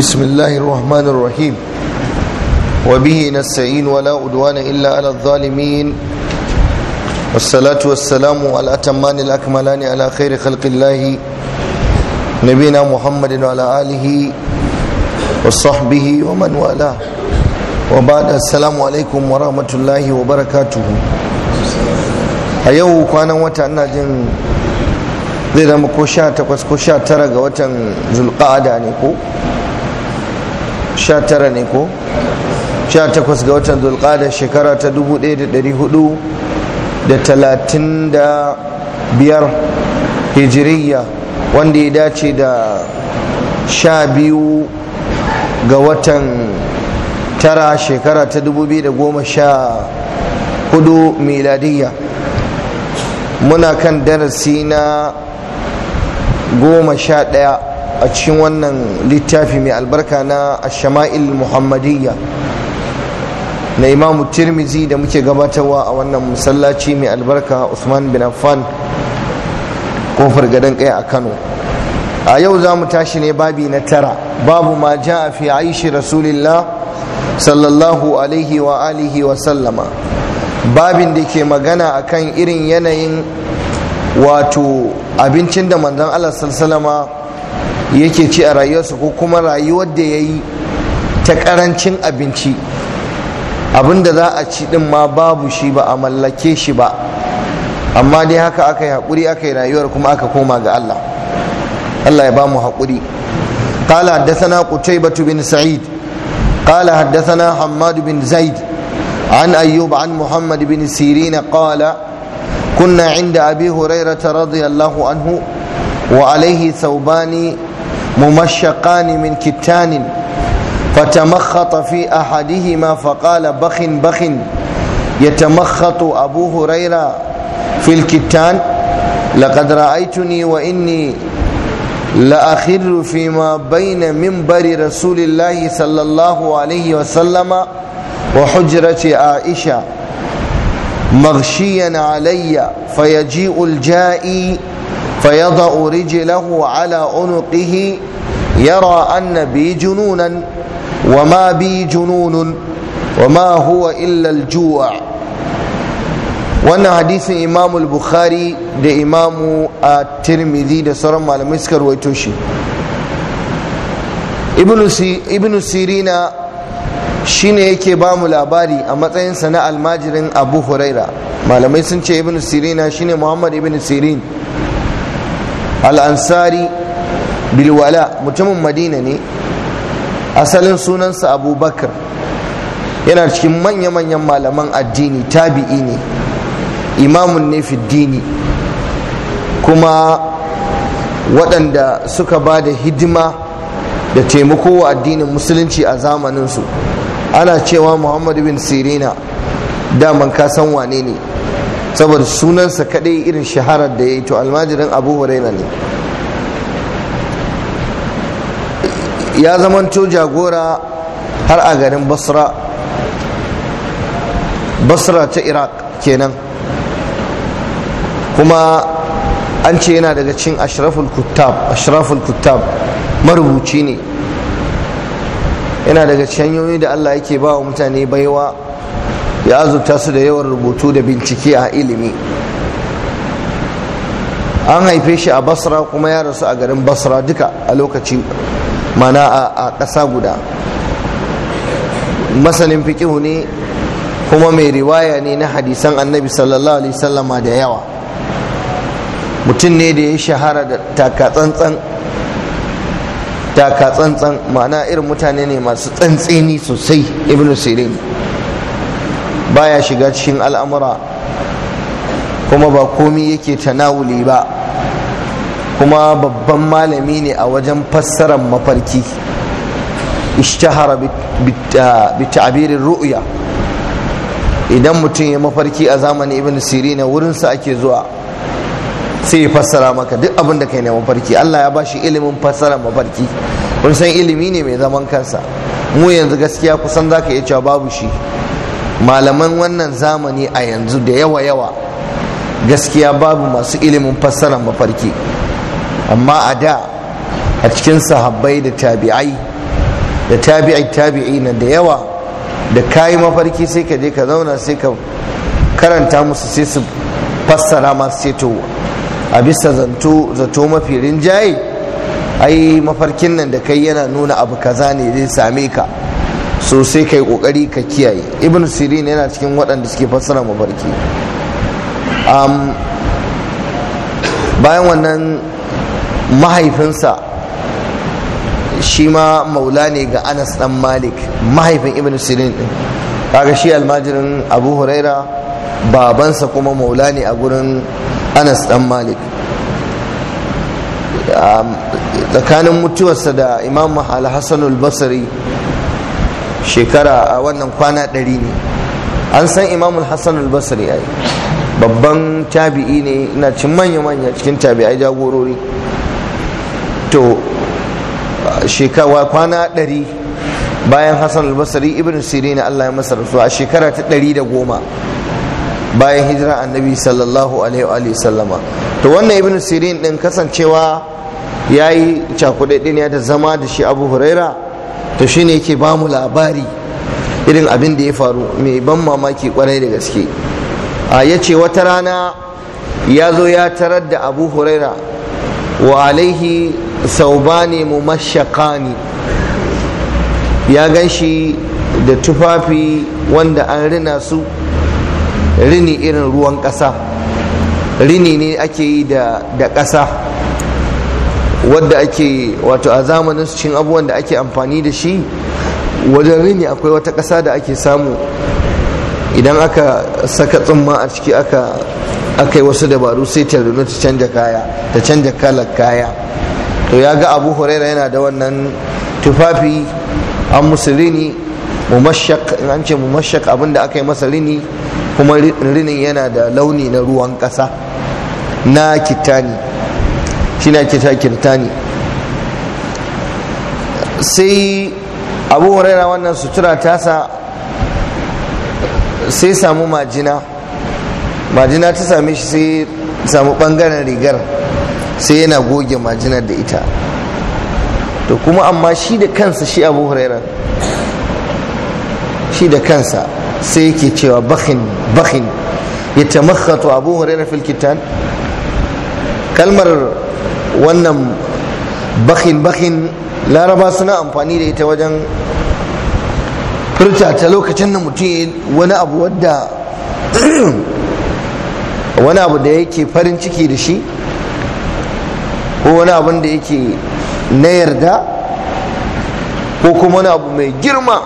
بسم الله الرحمن الرحيم وبه نستعين ولا عدوان إلا على الظالمين والصلاة والسلام على الأتمان الأكملان على خير خلق الله نبينا محمد وعلى آله وصحبه ومن والاه وبعد السلام عليكم ورحمة الله وبركاته أيوه كان وتعنا جن zai zama ko sha takwas ko sha tara ga watan zulƙa'ada ne ko 19 ne ko 18 ga watan zulkada shekara ta 1435 hijiriya wanda ya dace da 12 ga watan tara shekara ta 2014 miladiyya muna kan darasi na goma a cikin wannan littafi mai albarka na ashama'il muhammadiyya na imamu tirmizi da muke gabatarwa a wannan masallaci mai albarka usman bin affan kofar gadon kai a kano a yau za mu tashi ne babi na tara babu ma ja a fi aishi rasulillah sallallahu alaihi wa alihi wa sallama babin da ke magana a kan irin yanayin wato abincin da manzon Allah sallama yake ci a rayuwarsa ko kuma rayuwar da ya yi ta karancin abinci abinda za a ci din ma babu shi ba a mallake shi ba amma dai haka aka yi haƙuri aka yi rayuwar kuma aka koma ga Allah Allah ya ba mu haƙuri kala haddasana qutaybatu bin sa'id haddasa haddasana hammad bin zaid an ayyuba an muhammad bin Sirina qala kunna inda abi hurairata radiyallahu anhu wa alayhi thawbani ممشقان من كتان فتمخط في احدهما فقال بخ بخ يتمخط ابو هريره في الكتان لقد رايتني واني لاخر فيما بين منبر رسول الله صلى الله عليه وسلم وحجره عائشه مغشيا علي فيجيء الجائي فيضع رجله على عنقه يرى أن بي جنونا وما بي جنون وما هو إلا الجوع wannan hadisin imamu bukhari da imamu a tirmidhi da sauran malamai suka ruwaito shi ibnu sirina shine yake ba mu labari a matsayinsa na almajirin abu huraira malamai sun ce ibnu sirina shine muhammad ibnu sirin al'ansari bilwala mutumin madina ne asalin sunansa abubakar yana cikin manya-manyan malaman addini tabi'i ne imamun ne dini kuma waɗanda suka ba da hidima da taimako wa addinin musulunci a zamaninsu ana cewa muhammadu bin sirina daman kasan wane ne saboda sunansa kadai irin shaharar da ya yi to almajirin abu huraira ne ya zamanto jagora har a garin basra basra ta iraq kenan kuma an ce yana daga cin ashraful kuttab ashraful kuttab marubuci ne yana daga hanyoyi da allah yake ba wa mutane baiwa ya zuta su da yawan rubutu da bincike a ilimi an haife shi a basra kuma ya rasu a garin basra duka a lokaci mana a ƙasa guda masanin fikihu ne kuma mai riwaya ne na hadisan annabi sallallahu alaihi sallama da yawa mutum ne da ya shahara da takatsantsan takatsantsan ma'ana irin mutane ne masu tsantseni sosai ibnu sirin baya shiga cikin al'amura kuma ba komi yake tanawuli ba kuma babban malami ne a wajen fassarar mafarki ishtahara bi ta'abirin ru'ya idan mutum ya mafarki a zamanin ibn sirina wurinsa ake zuwa sai ya fassara maka duk abin da kai ne mafarki Allah ya bashi ilimin fassara mafarki kun san ilimi ne mai zaman kansa mu yanzu gaskiya kusan zaka iya cewa babu shi malaman wannan zamani a yanzu da yawa yawa gaskiya babu masu ilimin fassarar mafarki amma a da a cikin sahabbai da tabi'ai da tabi'ai tabi'i na da yawa da kayi mafarki sai ka je ka zauna sai ka karanta musu sai su fassara masu ceto a bisa zanto zato mafi rinjaye ai mafarkin nan da kai yana nuna abu kaza ne zai same ka so sai kai kokari ka kiyaye ibn sirin yana cikin waɗanda suke fassara mafarki bayan wannan mahaifinsa shi ma maula ne ga anas dan malik mahaifin ibn sirin din kaga shi almajirin abu huraira babansa kuma maula ne a gurin anas dan malik tsakanin mutuwarsa da imam al-hassan al-basri shekara a wannan kwana ɗari ne an san imamul hassan al-basri yi babban tabi'i ne ina cin manya-manya cikin tabi'ai jagorori to shekara kwana ɗari bayan hassan al-basri ibn sirin allah ya masa su. a shekara ta ɗari da goma bayan hijira annabi sallallahu alaihi sallama to wannan ibn sirin din kasancewa ya yi ya da zama da shi abu huraira to shine yake ba mu labari irin abin da ya faru mai ban mamaki kwarai da gaske a ya ce wata rana ya zo ya tarar da abu huraira wa alaihi sau ba ne mu mumashakani ya gan shi da tufafi wanda an rina su rini irin ruwan ƙasa rini ne ake yi da ƙasa wadda ake wato a zamanin su cin abubuwan da ake amfani da shi wajen rini akwai wata ƙasa da ake samu idan aka saka tsumma a ciki aka aka yi wasu dabaru sai ta ta canja kaya ta canja kalar kaya to ya ga abu huraira yana da wannan tufafi an musu rini mumashak in an ce mumashak abin da aka yi masa rini kuma rinin yana da launi na ruwan ƙasa na kitani shi na kisa kirtani sai abu huraira wannan sutura tasa sai samu majina majina ta same shi sai samu bangaren rigar sai yana goge majinar da ita to kuma amma shi da kansa shi abu huraira shi da kansa sai yake cewa bakin bakin ya tamakhatu abu huraira filkitan kalmar wannan bakin bakin laraba suna amfani da ita wajen furta ta lokacin da mutum wani abu wadda wani abu da yake farin ciki da shi ko wani abu da yake na yarda ko kuma wani abu mai girma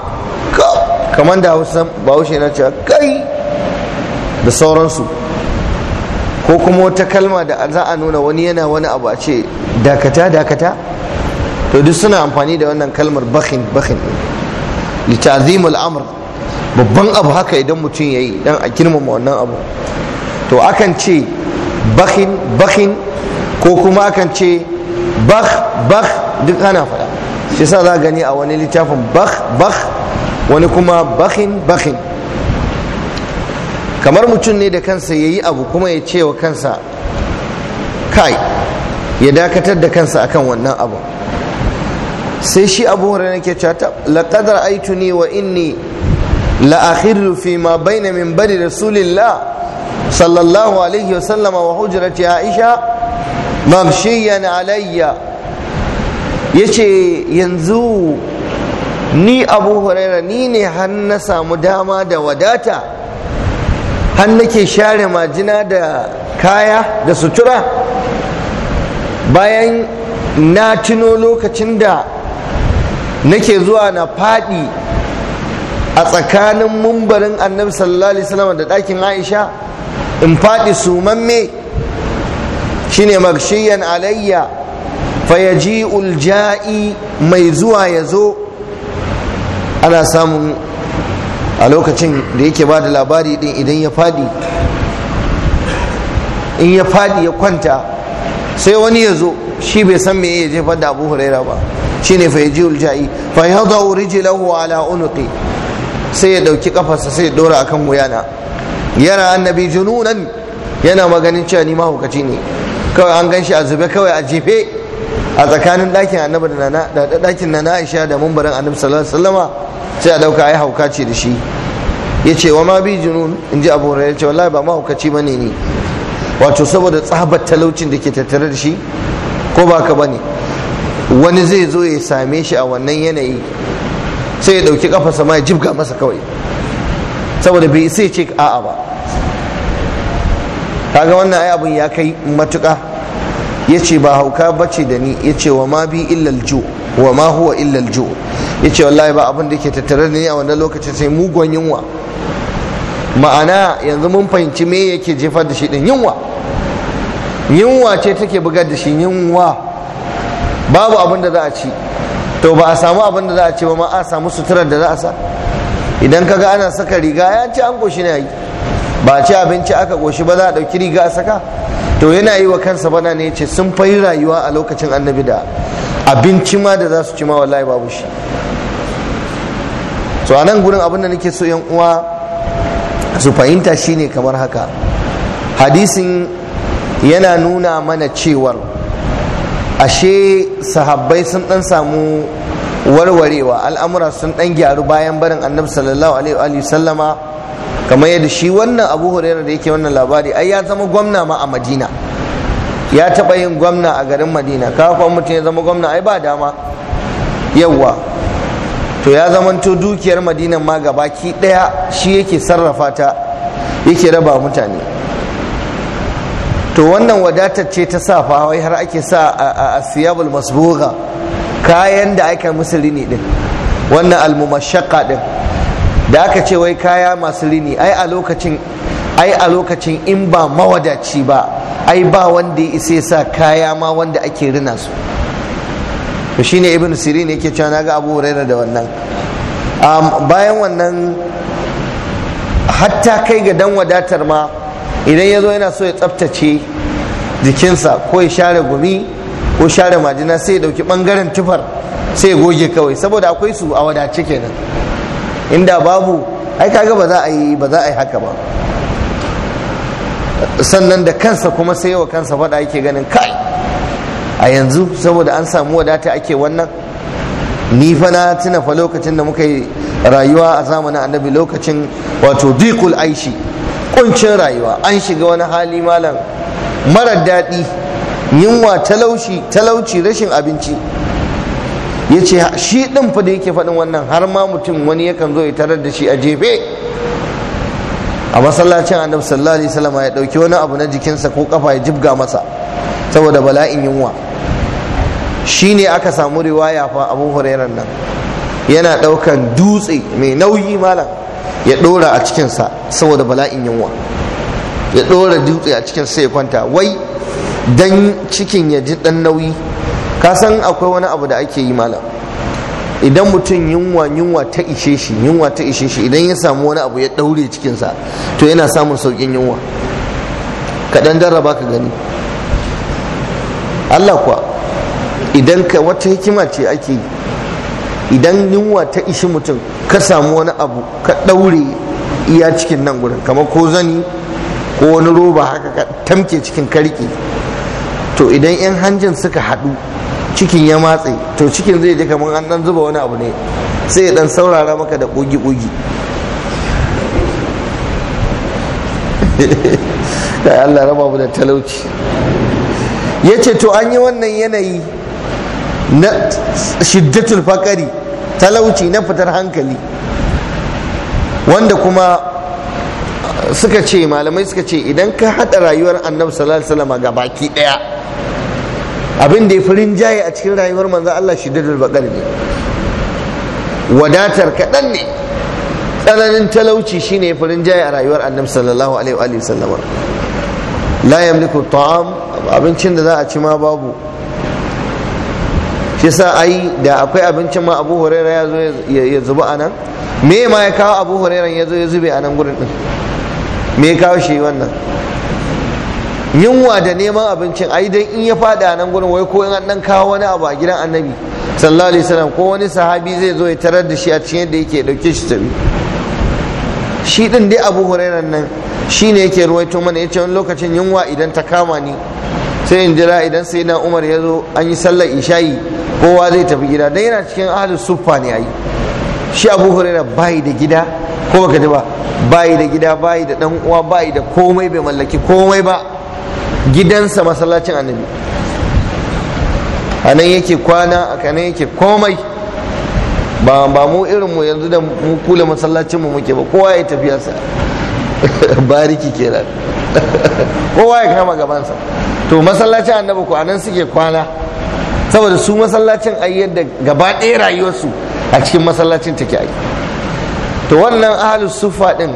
kamar da hausa bahaushe na cewa kai da sauransu ko kuma wata kalma da za a nuna wani yana wani abu a ce dakata dakata to duk suna amfani da wannan kalmar Bakin-bakin, li ta'zimul amr babban abu haka idan mutum yayi dan a girmama wannan abu to akan ce Bakin-bakin, ko kuma akan ce bakh bakh duk ana faɗa shi sa za gani a wani littafin bakh bakh wani kuma bakin bakhin kamar mutum ne da kansa ya yi abu kuma ya ce wa kansa kai ya dakatar da kansa akan wannan abu sai shi abu hurairah ke cewa aitu ne wa inni la fi ma baina min bari rasulillah sallallahu alaihi wa sallama wa hujrati aisha mamshiyan alayya yace yanzu ni abu hurairah ni ne har na samu dama da wadata har nake share majina da kaya da sutura bayan na tuno lokacin da nake zuwa na faɗi a tsakanin mumbarin annabi sallallahu alaihi wasallam da ɗakin aisha in faɗi sumamme shine magshiyan alayya fa fayaji ulja'i mai zuwa ya zo ana samun a lokacin da yake ba da labari din idan ya fadi in ya fadi ya kwanta sai wani ya zo shi bai san me ya jefar da abu huraira ba shine fa yaji ulja'i fa yadau rijlahu ala unuqi sai ya dauki kafarsa sai ya dora akan wuyana yana annabi jununan yana maganin cewa ni mahaukaci ne kawai an ganshi a zube kawai a jefe a tsakanin ɗakin annabi da nana na ɗakin Aisha da mumbarin annabi sallallahu alaihi wasallama sai a dauka ya hauka ce da shi ya ce wa ma bi junun in ji abu ya ce wallahi ba mahaukaci ba ne ni wato saboda tsabar talaucin da ke tattare da shi ko ba ka ba ne wani zai zo ya same shi a wannan yanayi sai ya dauki kafa ma ya jibga masa kawai saboda bai sai ce a'a ba kaga wannan ai abun ya kai matuka ya ce ba hauka bace da ni ya ce wa ma bi illal ju' wa ma huwa illa al-ju yace wallahi ba abin da ke tattare da ni a wannan lokacin sai mugun yunwa ma'ana yanzu mun fahimci me yake jefar da shi din yunwa yunwa ce take bugar da shi yunwa babu abin da za a ci to ba a samu abin da za a ci ba ma a samu suturar da za a sa idan kaga ana saka riga ya ci an goshi na yi ba ci abinci aka goshi ba za a ɗauki riga a saka to yana yi wa kansa bana ne ya ce sun fayi rayuwa a lokacin annabi da abinci ma da za su ci ma wallahi babu shi so anan gurin abin da nake so yan uwa su fahimta shine kamar haka hadisin yana nuna mana cewar ashe sahabbai sun dan samu warwarewa al'amura sun dan gyaru bayan barin annabi sallallahu alaihi wa sallama kamar yadda shi wannan abu hurairah da yake wannan labari ai ya zama gwamna ma a madina ya taɓa yin gwamna a garin madina kafin mutum ya zama gwamna ai ba dama yawwa to ya zamanto dukiyar madinan ma ki ɗaya shi yake sarrafa ta yake raba mutane to wannan wadatar ce ta sa wai har ake sa a asiyabul masbuga kayan da aka musu rini din wannan almumashaka din da aka ce wai kaya masu rini ai a lokacin ai a lokacin in ba mawadaci ba ai ba wanda ya isa sa kaya ma wanda ake rina su to shine ibn sirin yake cewa naga abu huraira da wannan bayan wannan hatta kai ga dan wadatar ma idan ya zo yana so ya tsaftace jikinsa ko ya share gumi ko share majina sai ya dauki bangaren tufar sai ya goge kawai saboda akwai su a wadace kenan inda babu ai kaga ba za a yi ba za a yi haka ba sannan da kansa kuma sai yawa kansa fada yake ganin kai a yanzu saboda an samu wadata ake wannan ni fa na tuna fa lokacin da muka yi rayuwa a zamanin annabi lokacin wato dikul aishi kuncin rayuwa an shiga wani hali malam marar daɗi yunwa talauci talauci rashin abinci ya ce shi ɗin fa da yake faɗin wannan har ma mutum wani yakan zo ya tarar da shi a jefe a masallacin annabi sallallahu alaihi wasallam ya dauki wani abu na jikin sa ko kafa ya jibga masa saboda bala'in yunwa shine aka samu riwaya fa Abu Hurairah nan yana daukan dutse mai nauyi malam ya dora a cikin sa saboda bala'in yunwa ya dora dutse a cikin sa ya kwanta wai dan cikin ya ji dan nauyi ka san akwai wani abu da ake yi malam idan mutum yunwa yunwa ta ishe shi yunwa ta ishe shi idan ya samu wani abu ya daure cikinsa to yana samun saukin yunwa kaɗan jarraba ka gani Allah kuwa idan ka wata hikima ce ake yi idan yunwa ta ishi mutum ka samu wani abu ka ɗaure iya cikin nan gurin kamar ko zani ko wani roba haka ka tamke cikin karki to idan 'yan hanjin suka haɗu cikin ya matse to cikin zai je kamar an dan zuba wani abu ne sai ya dan saurara maka da ƙugi ƙugi da Allah raba mu da talauci ya to an yi wannan yanayi na shiddatul fakari talauci na fitar hankali wanda kuma suka ce malamai suka ce idan ka haɗa rayuwar annabi sallallahu alaihi wasallam ga baki ɗaya abin da ya farin jaye a cikin rayuwar manzo Allah shi dadar bakar ne wadatar kaɗan ne tsananin talauci shine ya furin jaye a rayuwar annabi sallallahu alaihi wa sallam la yamliku ta'am abincin da za a ci ma babu shi sa ai da akwai abincin ma Abu Huraira ya zo ya zuba anan me ma ya kawo Abu Huraira ya zo ya zube anan gurin din me ya kawo shi wannan yunwa da neman abincin ai dan in ya fada nan gurin wai ko in an dan kawo wani abu a gidan annabi sallallahu alaihi wasallam ko wani sahabi zai zo ya tarar da shi a cikin yadda yake dauke shi tabi shi din dai abu hurairan nan shi ne yake ruwaito mana yace, wani lokacin yunwa idan ta kama ni sai in jira idan sai na umar ya zo an yi sallar ishayi kowa zai tafi gida dan yana cikin ahlus suffa ne ai shi abu hurairar bayi da gida ko baka ji ba bayi da gida bayi da dan uwa bayi da komai bai mallaki komai ba gidansa masallacin annabi a nan yake kwana a kanan yake komai ba mu irin mu yanzu da mu kula masallacin mu muke ba kowa ya tafiya sa bariki kenan kowa ya kama gabansa to masallacin annabi ko anan suke kwana saboda su masallacin ai yadda gaba ɗaya rayuwarsu a cikin masallacin take ai to wannan ahlus sufa din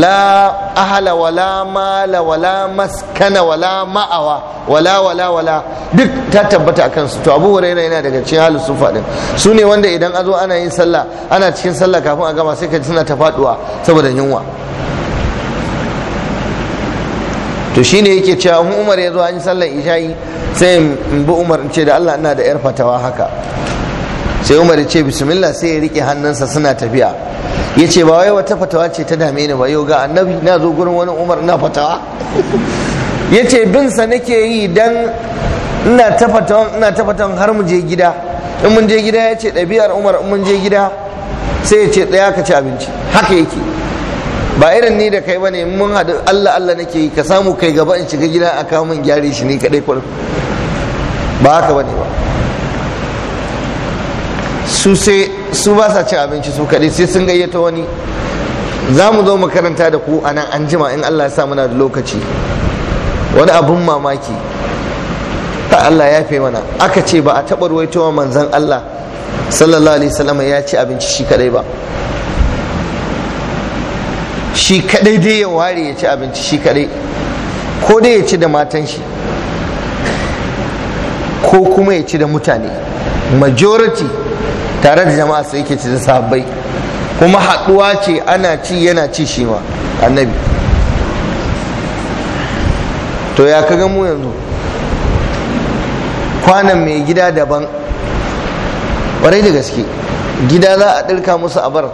la ahala wala mala wala maskana wala ma'awa wala wala wala duk ta tabbata a kansu to abu huraira yana daga cikin halin sufa din su ne wanda idan a zo ana yin sallah ana cikin sallah kafin a gama sai ka ji suna ta faduwa saboda yunwa to shine yake cewa in umar ya zo an yi sallar isha'i sai in bi umar in ce da allah ina da yar fatawa haka sai umar ya ce bismillah sai ya rike hannunsa suna tafiya ya ce ba wai wata fatawa ce ta dame ni ba yau ga annabi na zo gurin wani umar na fatawa ya ce binsa nake yi dan ina ta fatawa ina ta fatawa har mu je gida in mun je gida ya ce ɗabi'ar umar in mun je gida sai ya ce ɗaya ka ci abinci haka yake ba irin ni da kai bane mun haɗu allah allah nake yi ka samu kai gaba in shiga gida a kawo min gyare shi ne kaɗai kwarin ba haka bane ba su sai su ba sa cin abinci su kaɗai sai sun gayyata wani za mu zo makaranta da ku a nan an jima in Allah ya sa muna da lokaci wani abun mamaki ta Allah ya fi mana aka ce ba a taɓa ruwaitowa manzan Allah sallallahu alaihi wasallam ya ci abinci shi kadai ba shi kadai dai ya ware ya ci abinci shi kadai ko dai ya ci da matan shi ko kuma ya ci da mutane majority tare da jama'a sai yake ci sahabbai kuma haɗuwa ce ana ci yana ci shi ma annabi to ya kaga mu yanzu kwanan mai gida daban ƙwarai da gaske gida za a ɗirka musu a bar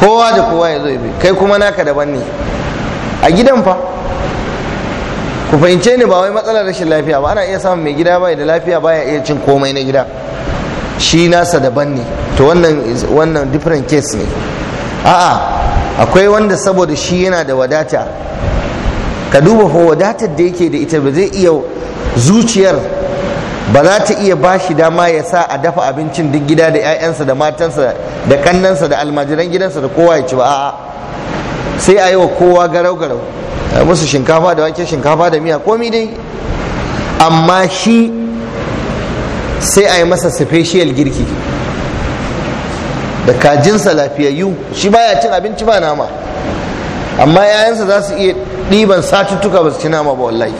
kowa da kowa ya zo ya bi kai kuma naka daban ne a gidan fa ku fahimce ni ba wai matsalar rashin lafiya ba ana iya samun mai gida bai da lafiya baya iya cin komai na gida shi nasa daban ne to wannan different case ne a'a akwai wanda saboda shi yana da wadata ka duba fa wadatar da yake da ita ba zai iya zuciyar ba za ta iya bashi shi dama ya sa a dafa abincin duk gida da 'ya'yansa da matansa da kannansa da almajiran gidansa da kowa ya ci ba a'a sai a yi wa kowa garau garau musu shinkafa da wake shinkafa da miya komi dai amma shi sai a yi masa special girki da kajinsa lafiyayyu shi baya cin abinci ba nama amma yayansa za su iya ɗiban satuttuka ba su ci nama ba wallahi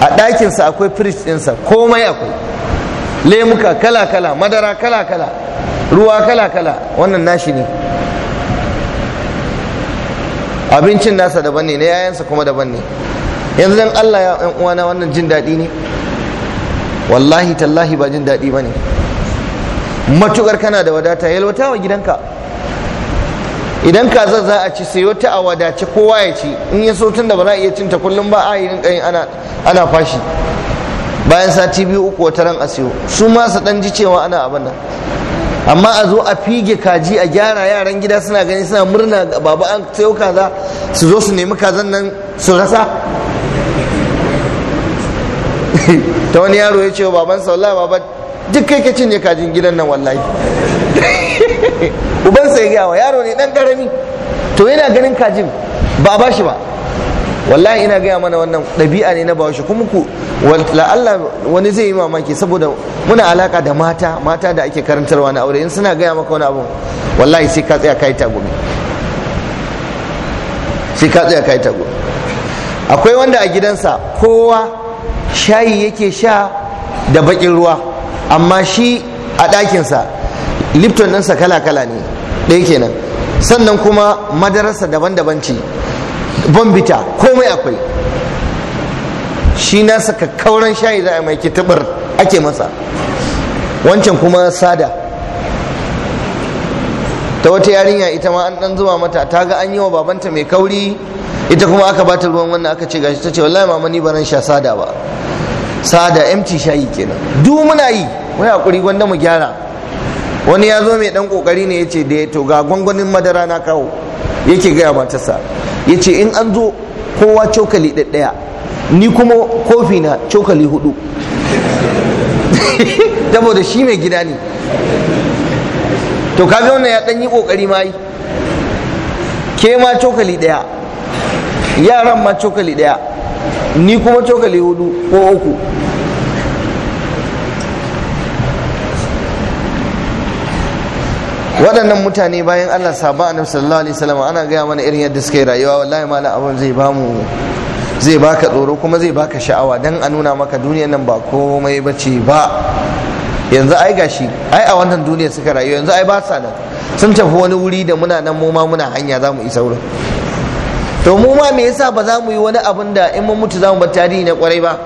a ɗakinsa akwai firij ɗinsa komai akwai lemuka kala-kala madara kala-kala ruwa kala-kala wannan nashi ne abincin nasa daban ne na yayansa kuma daban ne yanzu dan allah ya uwana wannan jin daɗi ne wallahi tallahi ba jin daɗi ba ne matukar kana da wadata yalwata wa gidanka idan kaza za a ci sayo ta a wadace kowa ya ci in ya so tun da ba za a iya cinta kullum ba a yi rinkayin ana fashi bayan sati biyu uku wata ran a siyo su ma su ji cewa ana abin nan amma a zo a fige kaji a gyara yaran gida suna gani suna murna baba an sayo kaza su zo su nemi kazan nan su rasa ta wani yaro ya ce wa baban wallahi baba duk kai ka cinye kajin gidan nan wallahi uban sai wa yaro ne dan karami to yana ganin kajin ba ba shi ba wallahi ina gaya mana wannan ɗabi'a ne na shi kuma ku la'alla wani zai yi mamaki saboda muna alaka da mata mata da ake karantarwa na aure in suna gaya maka wani abu wallahi sai ka tsaya kai tagumi sai ka tsaya kai tagumi akwai wanda a gidansa kowa shayi yake sha da bakin ruwa amma shi a ɗakinsa lipton ɗinsa kala-kala ne ɗaya kenan sannan kuma madararsa daban-daban ce bombita komai akwai shi nasa kakkauran shayi za a mai tubar ake masa wancan kuma sada ta wata yarinya ita ma an ɗan zuba mata ta ga an yi wa babanta mai kauri ita kuma aka bata ruwan wannan aka ce gashi ta ce wallahi mama ni baran sha sada ba sada empty shayi kenan duk muna yi wai hakuri gwanda mu gyara wani ya zo mai dan kokari ne yace da to ga gwangwanin madara na kawo yake gaya matarsa yace in an zo kowa cokali ɗaya ni kuma kofi na cokali hudu saboda shi mai gida ne to kaga wannan ya dan yi kokari ma ke ma cokali ɗaya yaran ma cokali daya ni kuma cokali hudu ko uku waɗannan mutane bayan Allah saba annabi sallallahu alaihi wasallam ana gaya mana irin yadda suka yi rayuwa wallahi malam abun zai mu zai baka tsoro kuma zai baka sha'awa don a nuna maka duniyar nan ba komai bace ba yanzu ai gashi ai a wannan duniyar suka rayu yanzu ai ba sa nan sun tafi wani wuri da muna nan mu ma muna hanya za mu isa wurin to mu ma me yasa ba za mu yi wani abin da in mun mutu za mu bar tarihi na kwarai ba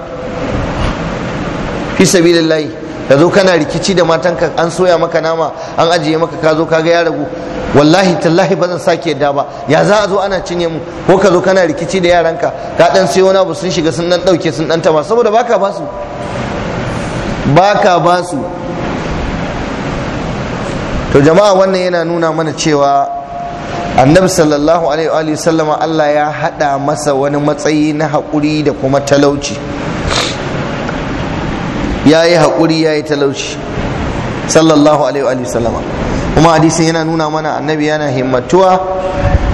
fi sabilillahi ka zo kana rikici da matanka an soya maka nama an ajiye maka ka zo kaga ya ragu wallahi tallahi ba zan sake yadda ba ya za a zo ana cinye mu ko ka zo kana rikici da yaranka ka dan sai wani abu sun shiga sun dan dauke sun dan taba saboda baka basu baka basu to jama'a wannan yana nuna mana cewa annabi sallallahu alaihi sallama Allah ya hada masa wani matsayi na haƙuri da kuma talauci ya yi haƙuri ya yi talauci sallallahu alaihi sallama kuma hadisin yana nuna mana annabi yana himmatuwa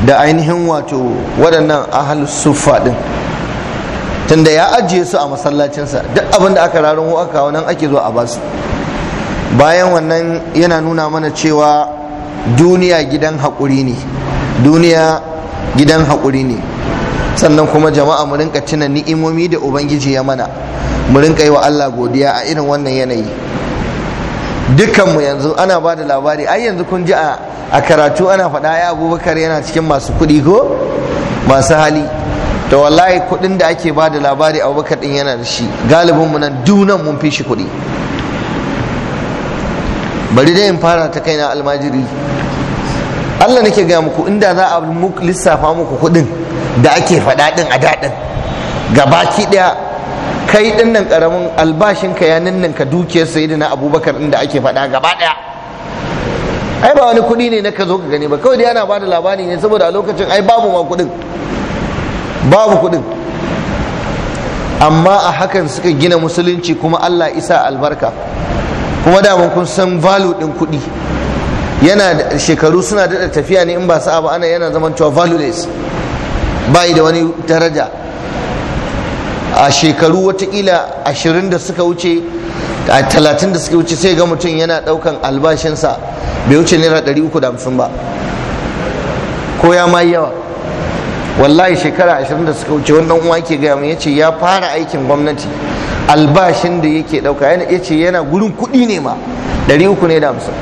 da ainihin wato waɗannan ahal suffa ɗin tunda ya ajiye su a masallacinsa duk abin da aka raro aka nan ake zuwa a basu bayan wannan yana nuna mana cewa duniya gidan haƙuri ne duniya gidan haƙuri ne sannan kuma jama'a mu rinka tuna ni'imomi da ubangiji ya mana mu rinka yi wa Allah godiya a irin wannan yanayi dukkanmu yanzu ana ba da labari ai yanzu kun ji a karatu ana faɗa ya abubakar yana cikin masu kuɗi ko masu hali to wallahi kuɗin da ake ba da labari abubakar ɗin yana da shi galibin mu nan dunan mun fi shi kuɗi bari dai in fara ta kaina almajiri Allah nake ga muku inda za a lissafa muku kuɗin da ake faɗa ɗin a daɗin baki ɗaya kai ɗin nan ƙaramin ka ya sai dukiyar sayidina abubakar inda ake faɗa gaba ɗaya ai ba wani kuɗi ne na ka zo ka gani ba kawai dai ana bada labari ne saboda a lokacin ai babu ma kuɗin babu kuɗin amma a hakan suka gina musulunci kuma Allah isa albarka kuma da mun kun san value ɗin kuɗi yana shekaru suna daɗa tafiya ne in ba sa'a ba ana yana zaman cewa valueless bai da wani daraja a shekaru watakila ashirin da suka wuce a talatin da suka wuce sai ga mutum yana ɗaukan albashinsa bai wuce naira ɗari uku da hamsin ba ko ya ma yawa wallahi shekara ashirin da suka wuce wannan uwa ke gaya min yace ya fara aikin gwamnati albashin da yake ɗauka yace yana gurin kuɗi ne ma ɗari uku ne da hamsin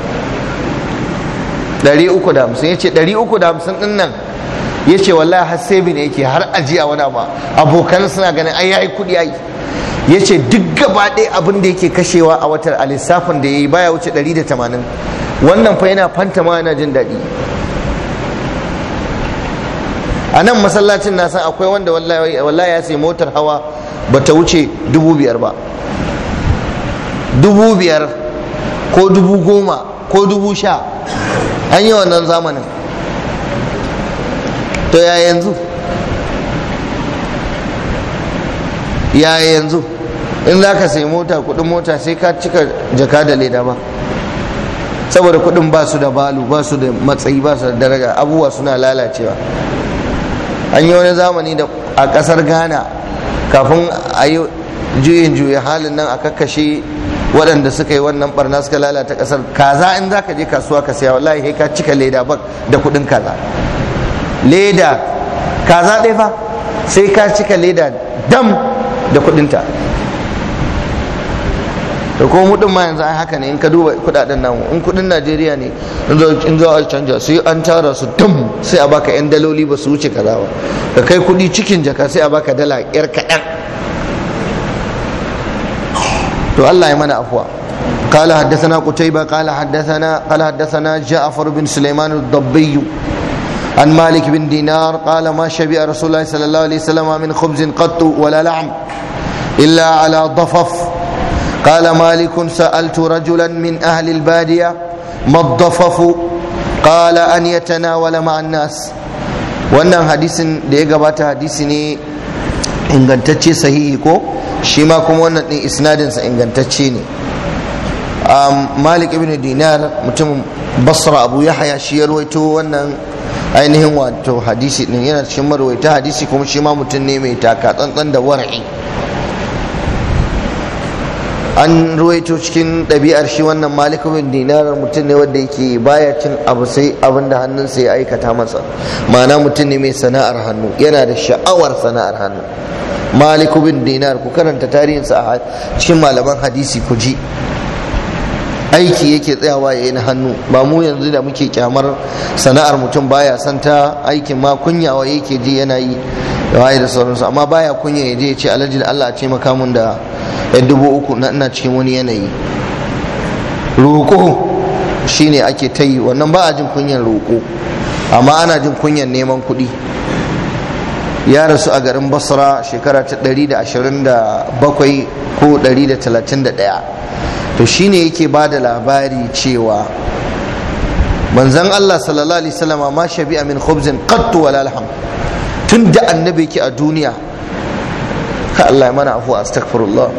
350 yace 350 din nan Ya ce wallahi har sai ne yake har ajiya wani abu abokan suna ganin ai yayi kudi ai ce duk gaba ɗaya abin da yake kashewa a watar alisafin lissafin da yayi baya wuce 180 wannan fa yana fanta ma yana jin daɗi a nan masallacin na san akwai wanda wallahi ya sai motar hawa ba ta wuce dubu biyar ba dubu biyar ko dubu goma ko dubu sha an yi wannan zamanin to ya yanzu ya yanzu in za ka sai mota kudin mota sai ka cika jaka da leda ba saboda kudin ba su da balu ba su da matsayi ba su da daraja abubuwa suna lalacewa an yi wani zamani da a kasar ghana kafin a yi juyin juya halin nan a kakkashe waɗanda suka yi wannan barna suka lalata ƙasar kaza in za ka je kasuwa ka saya wallahi sai ka cika leda bak da kuɗin kaza leda kaza ɗaya fa sai ka cika leda dam da kuɗinta da kuma mudin ma yanzu an haka ne in ka duba kuɗaɗen namu in kuɗin najeriya ne in za a canja sai an tara su dam sai a baka yan daloli ba su wuce kaza ba ka kai kuɗi cikin jaka sai a baka dala yar kaɗan to Allah ya mana afuwa قال حدثنا قتيبة قال حدثنا قال حدثنا جعفر بن سليمان الضبي عن مالك بن دينار قال ما شبع رسول الله صلى الله عليه وسلم من خبز قط ولا لعم إلا على ضفف قال مالك سألت رجلا من أهل البادية ما الضفف قال أن يتناول مع الناس wannan hadisin da ya gabata hadisi ne ingantacce sahihi ko shi ma kuma wannan din isnadinsa ingantacce ne malik ibn dinar mutumin basra abu yahya shi ya rawaito wannan ainihin wato hadisi din yana cikin marwaita hadisi kuma shi ma mutum ne mai taka tsantsan da war'i an ruwaito cikin ɗabi'ar shi wannan maliku bin dinar mutum ne wanda yake baya cin abu sai abin da hannunsa ya aikata masa ma'ana mutum ne mai sana'ar hannu yana da sha'awar sana'ar hannu maliku bin dinar ku karanta tarihinsa a cikin malaman hadisi ku ji aiki yake tsayawa ya yi na hannu ba mu yanzu da muke kyamar sana'ar mutum baya son ta aikin ma kunyawa yake ji yana yi da waye da sauransu amma baya kunya ya je ya ce alhaji da Allah ce makamun da yan dubu uku na ina cikin wani yanayi roƙo shine ake ta yi wannan ba a jin kunyan roƙo amma ana jin kunyan neman kuɗi ya rasu a garin basra shekara ta 127 ko 131 to shine yake ba da labari cewa manzan Allah sallallahu alaihi wasallam ma shabi'a min khubzin qattu wala alham tun da annabi ke a duniya ka Allah ya mana afu astaghfirullah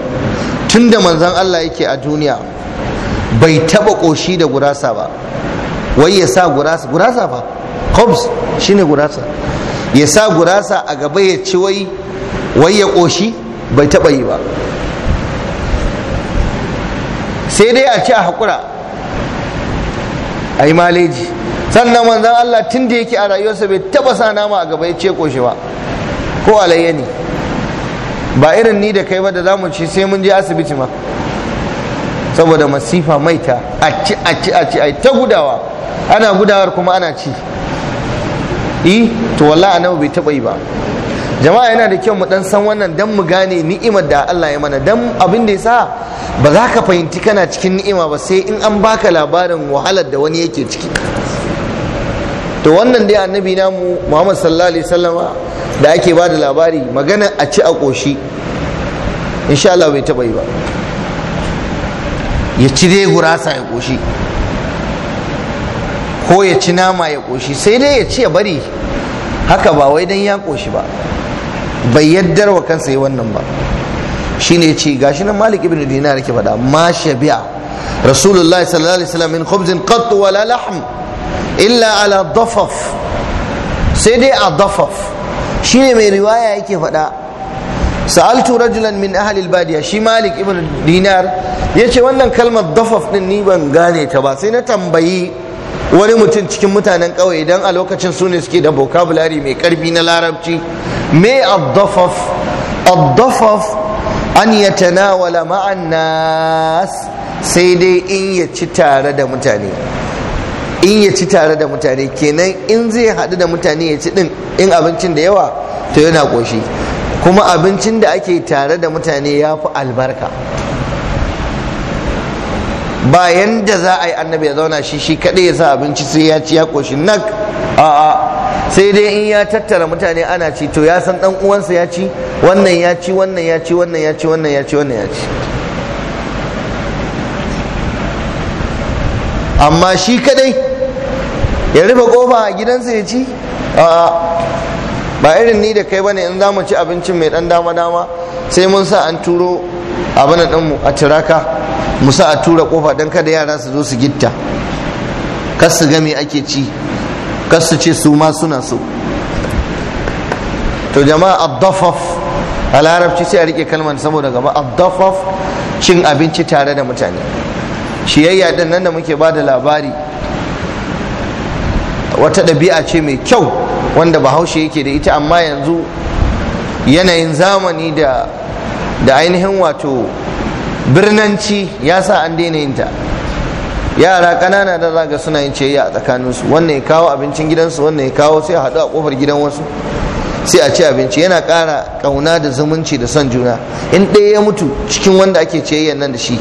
tun da manzon Allah yake a duniya bai taba koshi da gurasa ba wai ya sa gurasa gurasa ba shi shine gurasa ya sa gurasa a gaba ya ci wai wai ya koshi bai taba yi ba sai dai a ci a hakura a yi maleji sannan manzan Allah tun da yake a rayuwarsa bai taba sa nama a gaba ya ce koshi ba ko alayya ne ba irin ni da kai ba da zamu ci sai mun je asibiti ma saboda masifa maita a ci a ci a ci a ta gudawa ana gudawar kuma ana ci i to wallahi nawa bai taba yi ba jama'a yana da kyau mu dan san wannan dan mu gane ni'imar da Allah ya mana dan abin da yasa ba za ka fahimci kana cikin ni'ima ba sai in an baka labarin wahalar da wani yake ciki to wannan dai annabi namu muhammad sallallahu alaihi wasallama da ake ba da labari magana a ci a ƙoshi insha Allah bai taɓa yi ba ya ci dai gurasa ya ƙoshi ko ya ci nama ya ƙoshi sai dai ya ci ya bari haka ba wai dan ya ƙoshi ba bai yaddar wa kansa yi wannan ba shine ce gashi nan malik ibn dinar yake faɗa ma shabi'a rasulullah sallallahu alaihi wasallam min khubzin qat wala lahm illa ala dafaf sai dai a dafaf shine mai riwaya yake faɗa sa'altu rajulan min ahli badiya shi malik ibn dinar yace wannan kalmar dafaf din ni ban gane ta ba sai na tambayi wani mutum cikin mutanen ƙauye idan a lokacin su ne suke da vocabulary mai karfi na larabci me ad-dafaf an ya tanawala ma'an nas sai dai in ya ci tare da mutane in ya ci tare da mutane kenan in zai haɗu da mutane ya ci ɗin in abincin da yawa to yana ƙoshi kuma abincin da ake tare da mutane ya fi albarka ba da za a yi annabi ya zauna shi shi kaɗai ya sa abinci sai ya ci ya ƙoshi nak a'a sai dai in ya tattara mutane ana ci to ya san ɗan uwansa ya ci wannan ya ci wannan ya ci wannan ya ci wannan ya ci wannan ya ci amma shi kadai ya rufe kofa a gidansa ya ci ba irin ni da kai bane in za mu ci abincin mai dan dama dama sai mun sa an turo abin da mu a tiraka mu sa a tura kofa dan kada yara su zo su gitta kas su ga me ake ci kas su ce su ma suna so to jama'a addafaf a larabci sai a rike kalmar saboda gaba addafaf cin abinci tare da mutane shiyayya din nan da muke ba da labari wata ɗabi'a ce mai kyau wanda bahaushe yake da ita amma yanzu yanayin zamani da da ainihin wato birnanci ya sa an daina yin ta yara ƙanana da zaga suna yin ciyayya a tsakaninsu wannan ya kawo abincin gidansu wannan ya kawo sai a haɗu a ƙofar gidan wasu sai a ci abinci yana ƙara ƙauna da zumunci da son juna in ɗaya ya mutu cikin wanda ake ciyayyan nan da shi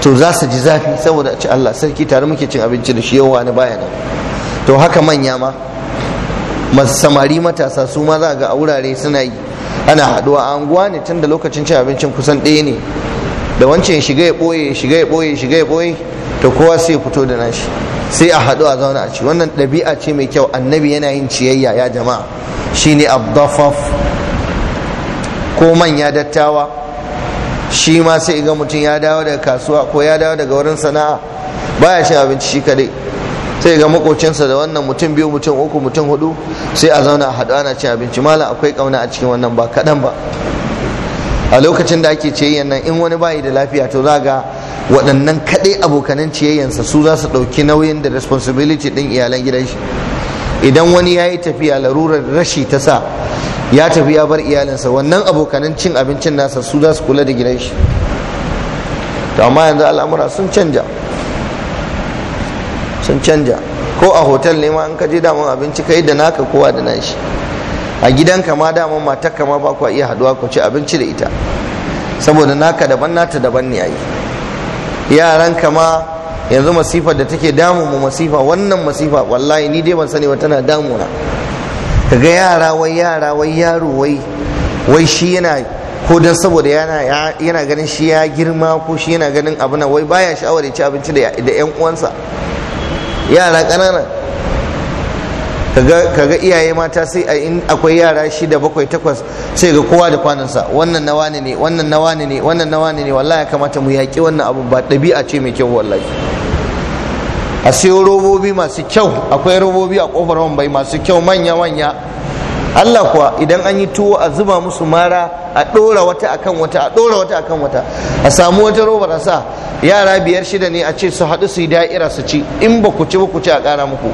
to za su ji zafi saboda a ci Allah sarki tare muke cin abinci da shi yawa na baya to haka manya ma masu samari matasa su ma za ga a wurare suna yi ana haduwa a anguwa ne tun da lokacin cin abincin kusan ɗaya ne da wancan shiga ya ɓoye shiga ya ɓoye shiga ya ɓoye to kowa sai ya fito da nashi sai a haɗu a zauna a ci wannan ɗabi'a ce mai kyau annabi yana yin ciyayya ya jama'a shine abdafaf ko manya dattawa shi ma sai ga mutum ya dawo daga kasuwa ko ya dawo daga wurin sana'a baya cin abinci shi kadai sai ga makocinsa da wannan mutum biyu mutum uku mutum hudu sai a zauna a haɗu ana cin abinci malam akwai kauna a cikin wannan ba kaɗan ba a lokacin da ake ciyayyan nan in wani bayi da lafiya to za ga waɗannan kaɗai abokanan ciyayyansa su za su ɗauki nauyin da responsibility ɗin iyalan gidan shi idan wani ya yi tafiya larurar rashi ta sa ya tafi ya bar iyalinsa wannan abokanan cin abincin nasa su za su kula da gidan shi to amma yanzu al'amura sun canja sun canja ko a hotel ne ma an ka je daman abinci kai da naka kowa da nashi a gidanka ma daman matarka ma ba ku iya haduwa ku ci abinci da ita saboda naka daban nata daban ne ayi ka ma yanzu masifa da take damun mu masifa wannan masifa wallahi ni dai ban sani ba tana damuna kaga yara wai yara wai yaro wai wai shi yana ko dan saboda yana yana ganin shi ya girma ko shi yana ganin abu na wai baya sha'awar ya ci abinci da yan uwansa yara kanana kaga iyaye mata sai a in akwai yara shida bakwai takwas sai ga kowa da kwanansa wannan na wani ne wannan na wani ne wannan na wani ne wallahi ya kamata mu yaƙi wannan abu ba ɗabi'a ce mai kyau wallahi a siyo robobi masu kyau akwai robobi a ƙofar wambai masu kyau manya manya Allah kuwa idan an yi tuwo a zuba musu mara a ɗora wata akan wata a ɗora wata akan wata a samu wata robar a sa yara biyar shida ne a ce su haɗu su yi da'ira su ci in ba ku ci ba ku ci a ƙara muku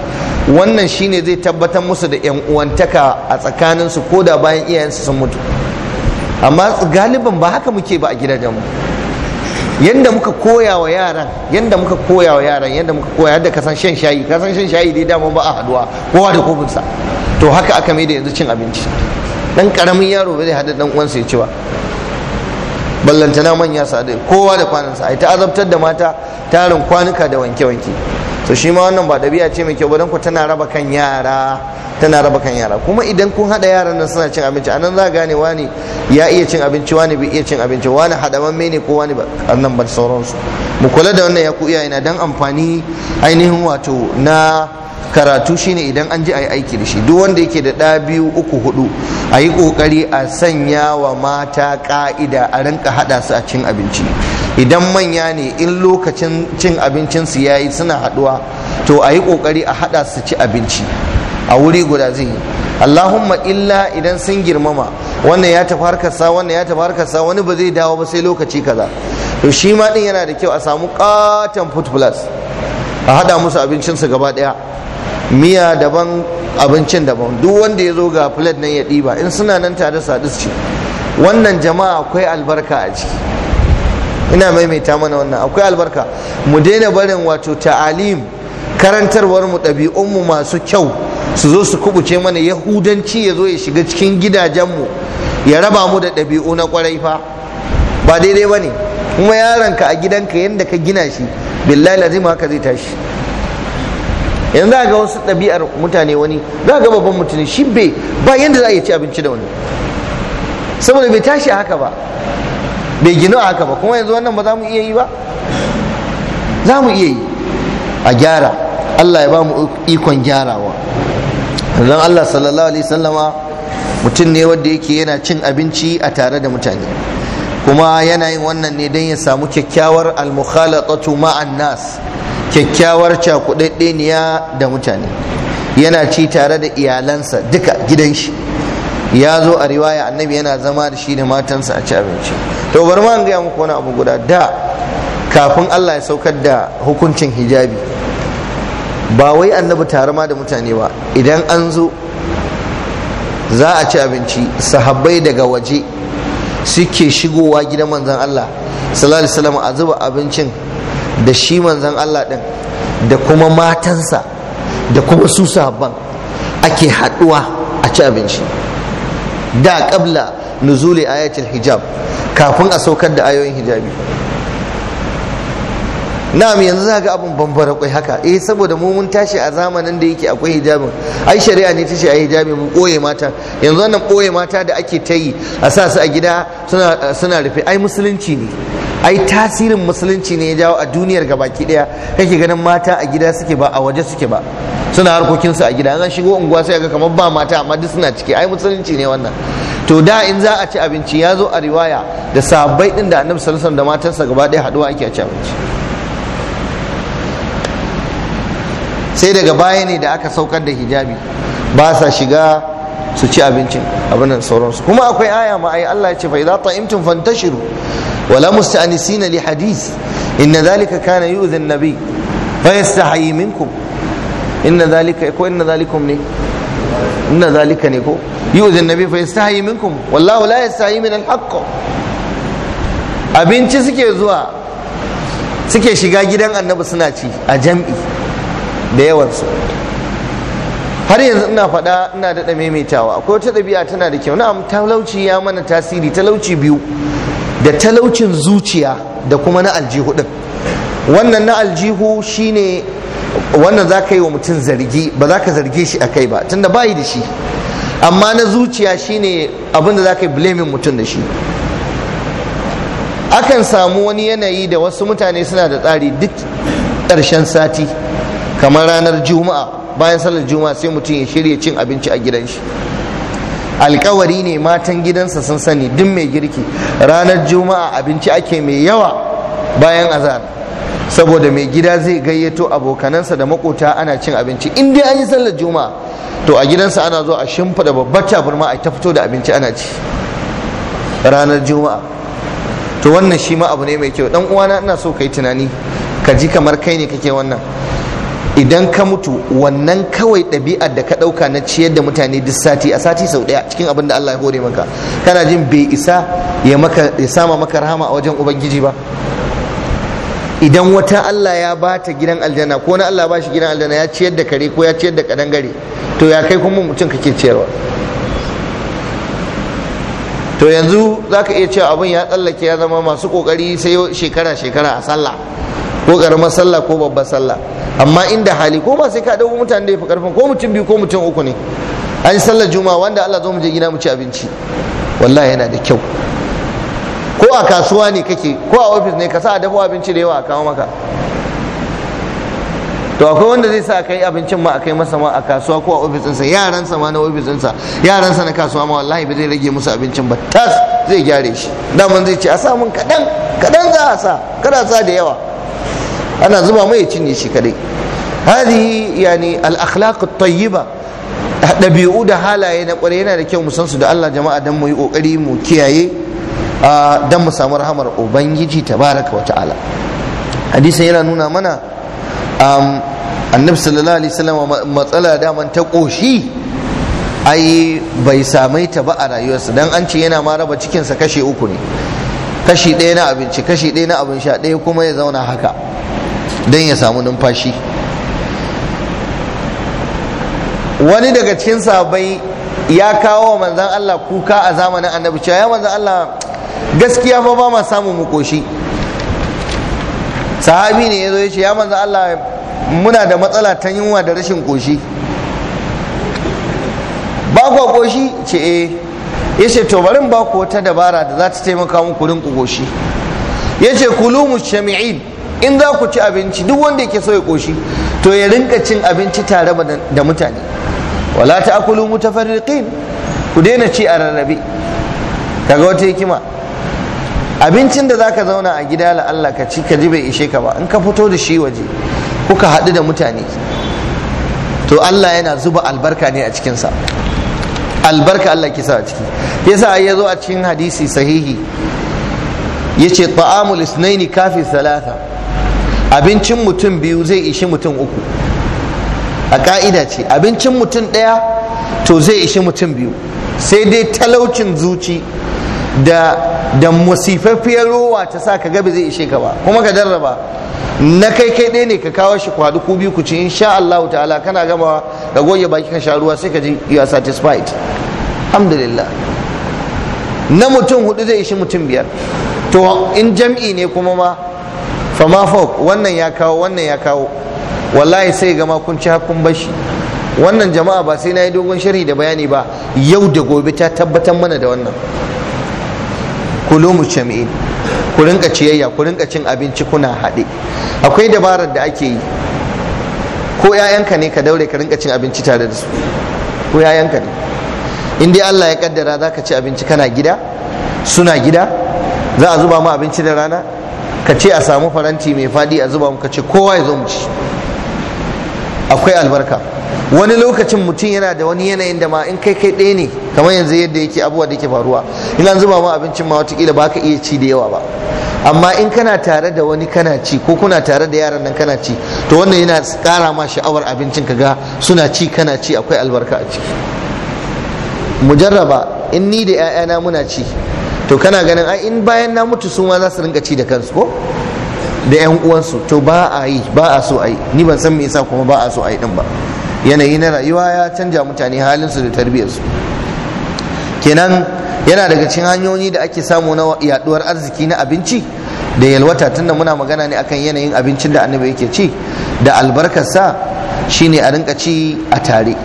wannan shine zai tabbatar musu da yan uwantaka a tsakaninsu ko da bayan iyayensu sun mutu amma galiban ba haka muke ba a gidajenmu yanda muka koya wa yaran yanda muka koya wa yaran yanda muka koya yadda kasan shan shayi kasan shan shayi dai dama ba a haduwa kowa da kofinsa to haka aka mai da yanzu cin abinci dan karamin yaro ba zai hada dan uwansa ya ci ba ballantana manya su kowa da kwanansa ai ta azabtar da mata tarin kwanuka da wanke-wanke to shi ma wannan ba ɗabi'a ce mai kyau ba don ku tana raba kan yara tana raba kan yara kuma idan kun haɗa yaran nan suna cin abinci anan za gane wani ya iya cin abinci wani bai iya cin abinci wani mai ne ko wani ba annan ban sauransu mu kula da wannan ya ku iyayena don amfani ainihin wato na karatu shine idan an ji a yi aiki da shi duk wanda yake da ɗa biyu uku hudu a yi ƙoƙari a sanya wa mata ƙa'ida a rinka haɗa su a cin abinci idan manya ne in lokacin cin abincinsu ya yi suna haɗuwa to a yi ƙoƙari a haɗa su ci abinci a wuri guda zai yi allahumma illa idan sun girmama wannan ya tafi harkarsa wannan ya tafi harkarsa wani ba zai dawo ba sai lokaci kaza to shi ma din yana da kyau a samu katon food plus a hada musu abincinsu gaba ɗaya. miya daban abincin daban duk wanda ya zo ga flat nan ya ɗiba in suna nan tare su ce wannan jama'a akwai albarka a ciki ina maimaita mana wannan akwai albarka mu daina barin wato ta'alim karantarwar mu ɗabi'unmu masu kyau su zo su kubuce mana yahudanci ya zo ya shiga cikin gidajenmu ya raba mu da ɗabi'u na kwarai fa ba daidai ba ne kuma yaronka a gidanka yadda ka gina shi billahi lazima haka zai tashi yanzu za ga wasu ɗabi'ar mutane wani za ga babban mutum shi be ba yadda za a iya ci abinci da wani saboda bai tashi haka ba bai ginu a haka ba kuma yanzu wannan ba za mu iya yi ba za mu iya yi a gyara Allah ya ba mu ikon gyarawa don Allah sallallahu alaihi sallama mutum ne wanda yake yana cin abinci a tare da mutane kuma yana yin wannan ne don ya samu kyakkyawar almukhalatatu ma'an nas kyakkyawar cakuɗaɗɗeniya da mutane yana ci tare da iyalansa duka gidan shi ya zo a riwaya annabi yana zama da shi da matansa a ci abinci to bari ma an gaya muku wani abu guda da kafin Allah ya saukar da hukuncin hijabi ba wai annabi tare ma da mutane ba idan an zo za a ci abinci sahabbai daga waje suke shigowa gidan manzon Allah sallallahu alaihi wasallam a zuba abincin da shi manzan Allah ɗin da kuma matansa da kuma su sahabban ake haɗuwa a ci abinci da ƙabla nuzuli ayatul hijab kafin a saukar da ayoyin hijabi na'am yanzu za ga abin bambara kwai haka eh saboda mu mun tashi a zamanin da yake akwai hijabin ai shari'a ne tashi a hijabi mu koye mata yanzu wannan koye mata da ake ta yi a sa su a gida suna rufe ai musulunci ne ai tasirin musulunci ne ya jawo a duniyar ga baki daya kake ganin mata a gida suke ba a waje suke ba suna harkokinsu a gida an shigo unguwa sai ga kamar ba mata amma duk suna ciki ai musulunci ne wannan to da in za a ci abinci ya zo a riwaya da sabai din da annabi sallallahu da matarsa gaba daya haduwa ake a ci abinci sai daga baya ne da aka saukar da hijabi ba sa shiga su ci abincin abin sauransu kuma akwai aya ma ai Allah ya ce fa idza ta'imtum fantashiru ولا مستأنسين لحديث إن ذلك كان يؤذي النبي فيستحيي منكم إن ذلك يكو إن ذلكم ني إن ذلك نيكو يؤذي النبي فيستحيي منكم والله لا يستحيي من الحق abinci suke zuwa suke shiga gidan annabi suna ci a jam'i da yawansu har yanzu ina faɗa ina daɗa maimaitawa akwai wata ɗabi'a tana da kyau na'am talauci ya mana tasiri talauci biyu da talaucin zuciya da kuma na aljihu din wannan na aljihu shine wannan za ka yi wa mutum zargi ba za ka zarge shi a kai ba tunda yi da shi amma na zuciya shine abin da za ka yi blamin mutum da shi akan samu wani yanayi da wasu mutane suna da tsari duk ƙarshen sati kamar ranar juma'a bayan sallar juma'a sai mutum ya shirya cin abinci a gidan shi alkawari ne matan gidansa sun sani duk mai girki ranar juma'a abinci ake mai yawa bayan azan saboda mai gida zai gayyato abokanansa da makota ana cin abinci in dai an yi sallar juma'a to a gidansa ana zo a shimfiɗa babbar taburma a ta fito da abinci ana ci ranar juma'a to wannan shi ma abu ne mai kyau dan uwana ina so ka yi tunani ka ji kamar kai ne kake wannan idan ka mutu wannan kawai ɗabi'ar da ka ɗauka na ciyar da mutane duk sati a sati sau ɗaya cikin abin da Allah ya hore maka kana jin bai isa ya sama maka rahama a wajen ubangiji ba idan wata Allah ya ba ta gidan aljanna ko na Allah ba shi gidan aljanna ya ciyar da kare ko ya ciyar da kadangare to ya kai kuma mutum kake ciyarwa to yanzu zaka iya cewa abin ya tsallake ya zama masu kokari sai shekara shekara a sallah ko karamar sallah ko babbar sallah amma inda hali ko ba sai ka dauko mutane da ya fi karfin ko mutum biyu ko mutum uku ne an yi sallar juma'a wanda Allah zo mu je gina mu ci abinci wallahi yana da kyau ko a kasuwa ne kake ko a ofis ne ka sa a dafa abinci da yawa a kawo maka to akwai wanda zai sa kai abincin ma akai masa ma a kasuwa ko a ofis ɗinsa yaransa ma na ofis ɗinsa yaransa na kasuwa ma wallahi ba zai rage musu abincin ba tas zai gyare shi daman zai ce a sa mun kaɗan kaɗan za a sa kada sa da yawa ana zuba mai ya cinye shi kadai hadihi yani al-akhlaq at-tayyiba Dabi'u da halaye na ƙwarai yana da kyau mu san su da Allah jama'a dan mu yi ƙoƙari mu kiyaye dan mu samu rahamar ubangiji tabaraka wa ta'ala hadisin yana nuna mana annabi sallallahu alaihi wasallam matsala daman ta ƙoshi ai bai samai ta ba a rayuwarsa dan an ce yana ma raba cikinsa kashe uku ne kashi ɗaya na abinci kashi ɗaya na abin sha ɗaya kuma ya zauna haka don ya samu numfashi wani daga cikin sabai ya kawo wa manzan Allah kuka a zamanin annabi cewa ya manzan Allah gaskiya fa ba ma samun mu koshi sahabi ne ya zo ya ce ya manzan Allah muna da matsala ta yunwa da rashin koshi ba ku koshi ce eh ya ce to barin ba ku wata dabara da za ta taimaka muku rinku koshi ya ce kulu shami'in. in za ku ci abinci duk wanda yake so ya koshi to ya rinka cin abinci tare da mutane wala ta akulu mutafarriqin ku daina ci a rarrabe kaga wata hikima abincin da zaka zauna a gida la Allah ka ci ka ji bai ishe ka ba in ka fito da shi waje kuka haɗu da mutane to Allah yana zuba albarka ne a cikinsa albarka Allah ke sa a ciki yasa ya zo a cikin hadisi sahihi yace ta'amul isnaini kafi thalatha abincin mutum biyu zai ishi mutum uku a ka'ida ce abincin mutum ɗaya to zai ishi mutum biyu sai dai talaucin zuci da da musifaffiyar rowa ta sa ka gabi zai ishe ka ba kuma ka jarraba na kai kai ɗaya ne ka kawo shi ku haɗu ku biyu ku ci sha Allah ta'ala kana gamawa ka goge baki ka sha ruwa sai ka ji you are satisfied alhamdulillah na mutum hudu zai ishi mutum biyar to in jam'i ne kuma ma fama fok wannan ya kawo wannan ya kawo wallahi sai gama kun ci hakkun bashi wannan jama'a ba sai na yi dogon sharhi da bayani ba yau da gobe ta tabbatar mana da wannan kulumu shami'in ku rinka ciyayya ku rinka cin abinci kuna haɗe akwai dabarar da ake yi ko 'ya'yanka ne ka daure ka rinka cin abinci tare da su ko 'ya'yanka ne in dai Allah ya kaddara za ka ci abinci kana gida suna gida za a zuba ma abinci da rana ka ce a samu faranti mai faɗi a zuba muka ce kowa ya zo mu ci akwai albarka wani lokacin mutum yana da wani yanayin da ma in kai kai ɗaya ne kamar yanzu yadda yake abubuwa da yake faruwa Ina zuba ma abincin ma watakila ba ka iya ci da yawa ba amma in kana tare da wani kana ci ko kuna tare da yaran nan kana ci to wannan yana ƙara ma sha'awar abincin ka ga suna ci kana ci akwai albarka a ciki mujarraba in ni da 'ya'yana muna ci to kana ganin ai in bayan na mutu su ma za su rinka ci da kansu ko da yan uwansu to ba a yi ba a so a yi ni ban san me yasa kuma ba a so a yi din ba yanayi na rayuwa ya canja mutane halinsu da tarbiyyarsu kenan yana daga cikin hanyoyi da ake samu na yaduwar arziki na abinci da yalwata tunda muna magana ne akan yanayin abincin da annabi yake ci da albarkarsa shine a rinka ci a tare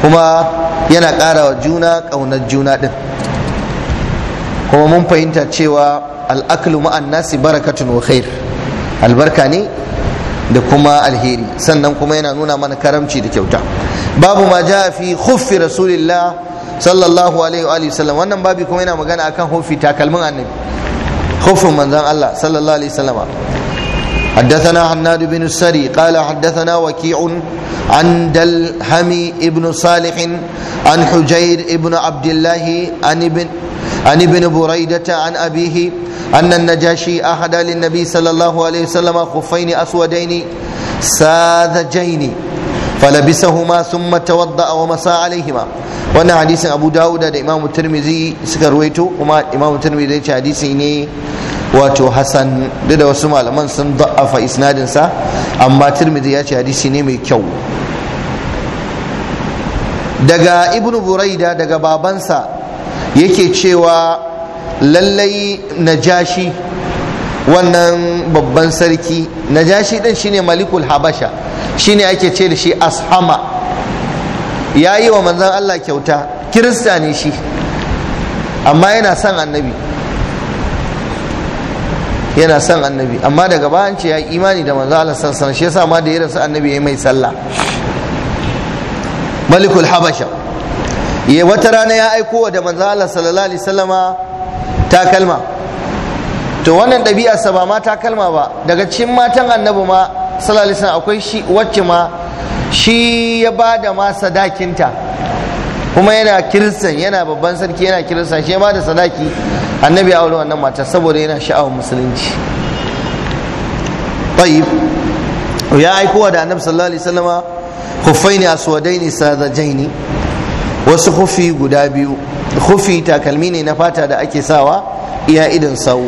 kuma yana ƙara wa juna ƙaunar juna din. kuma mun fahimta cewa al'aklu ma'an nasi barakatun wa khair albarka ne da kuma alheri sannan kuma yana nuna mana karamci da kyauta babu ma ja fi khuffi rasulillah sallallahu alaihi wa sallam wannan babi kuma yana magana akan huffi takalmin annabi huffin manzon Allah sallallahu alaihi wa حدثنا حناد بن السري قال حدثنا وكيع عن دلهم ابن صالح عن حجير ابن عبد الله عن ابن عن ابن بريدة عن أبيه أن النجاشي أحد للنبي صلى الله عليه وسلم خفين أسودين ساذجين فلبسهما ثم توضأ ومسى عليهما وانا حديث أبو داود دا إمام الترمذي سكرويته وما إمام الترمذي حديثي wato Hassan duk da wasu malaman sun da'afa isnadinsa amma tirmidhi ya ce hadisi ne mai kyau daga ibn buraida daga babansa yake cewa lallai najashi wannan babban sarki najashi din shine malikul habasha shine ake ce da shi ashama ya yi wa manzon allah kyauta kirista ne shi amma yana son annabi yana son annabi amma daga bayan ce ya imani da manzo Allah sallallahu shi yasa ma da ya rasu annabi ya mai sallah malikul habasha ya wata rana ya aiko wa da manzo Allah sallallahu alaihi wasallama takalma to wannan sa ba ma takalma ba daga cikin matan annabi ma sallallahu alaihi wasallam akwai shi wacce ma shi ya bada ma sadakinta kuma yana kiristan yana babban sarki yana kirista shi ma da sadaki annabi aure wannan mata saboda yana sha'awar musulunci tayyib ya wa da annabi sallallahu alaihi wasallama khuffaini aswadaini sadajaini wasu hufi guda biyu hufi takalmi ne na fata da ake sawa iya idan sau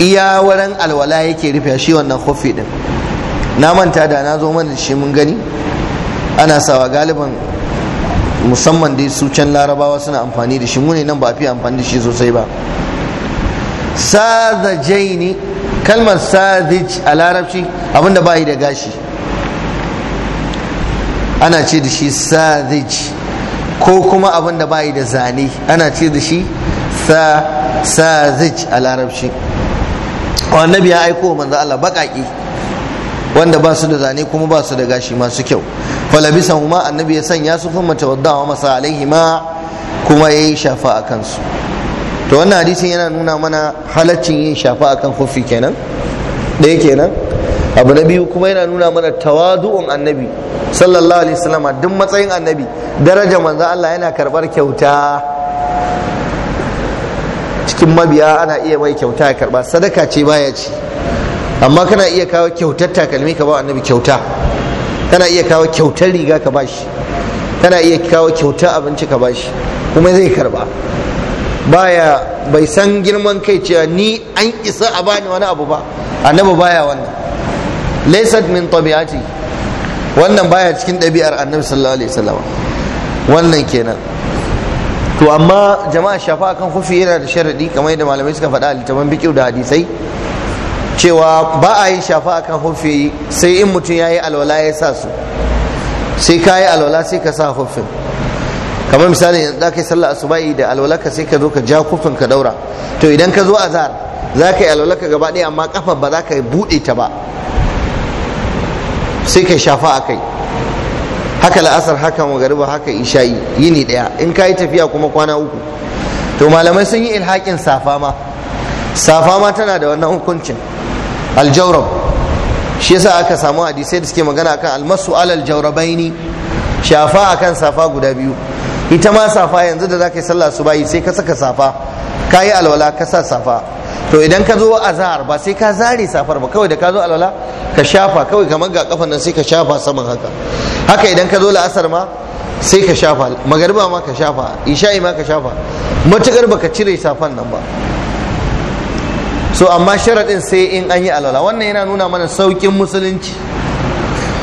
iya wurin alwala yake rufe shi wannan hufi din na manta da na zo mana shi mun gani ana sawa galiban musamman dai su can larabawa suna amfani da shi mu ne nan ba a fi amfani da shi sosai ba ne kalmar sazij a larabci abinda ba yi da gashi ana ce da shi sazij ko kuma abinda ba yi da zane ana ce da shi sazij a larabci annabi ya aiko manzo Allah baƙaƙi wanda ba su da zane kuma ba su da gashi masu kyau kuma annabi ya sanya su kuma tawaddawa masa alaihima kuma ya yi shafa a kansu to wannan hadisin yana nuna mana halaccin yin shafa akan kofi kenan ɗaya kenan abu na biyu kuma yana nuna mana tawadu'un annabi sallallahu alaihi wasallam duk matsayin annabi daraja manzo Allah yana karbar kyauta cikin mabiya ana iya mai kyauta ya karba sadaka ce baya ci amma kana iya kawo kyautar takalmi ka ba annabi kyauta kana iya kawo kyautar riga ka bashi kana iya kawo kyautar abinci ka bashi kuma zai karba baya bai san girman kai cewa ni an isa a bani wani abu ba annabi baya wannan laysat min tabi'ati wannan baya cikin ɗabi'ar annabi sallallahu alaihi wasallam wannan kenan to amma jama'a shafa kan kufi yana da sharadi kamar yadda malamai suka faɗa a littafin bikiu da hadisai cewa ba a yin shafa akan hufi sai in mutum ya yi alwala ya sa su sai ka yi alwala sai ka sa hufin kamar misali yanzu za ka yi sallah asuba'i da alwala ka sai ka zo ka ja kufin ka daura to idan ka zo azhar za ka yi alwala ka gaba ɗaya amma ƙafa ba za ka buɗe ta ba sai ka shafa a kai haka la'asar haka magariba haka isha'i yini ɗaya in ka yi tafiya kuma kwana uku to malamai sun yi ilhakin safa ma safa ma tana da wannan hukuncin aljawrab shi yasa aka samu hadisai da suke magana akan almasu alal jawrabaini shafa akan safa guda biyu ita ma safa yanzu da zaka yi sallah bayi sai ka saka safa ka yi alwala ka sa safa to idan ka zo azhar ba sai ka zare safar ba kawai da ka zo alwala ka shafa kawai kamar ga kafan nan sai ka shafa saman haka haka idan ka zo la'asar ma sai ka shafa magariba ma ka shafa isha'i ma ka shafa matukar baka cire safan nan ba so amma sharaɗin sai in an yi alwala wannan yana nuna mana sauƙin musulunci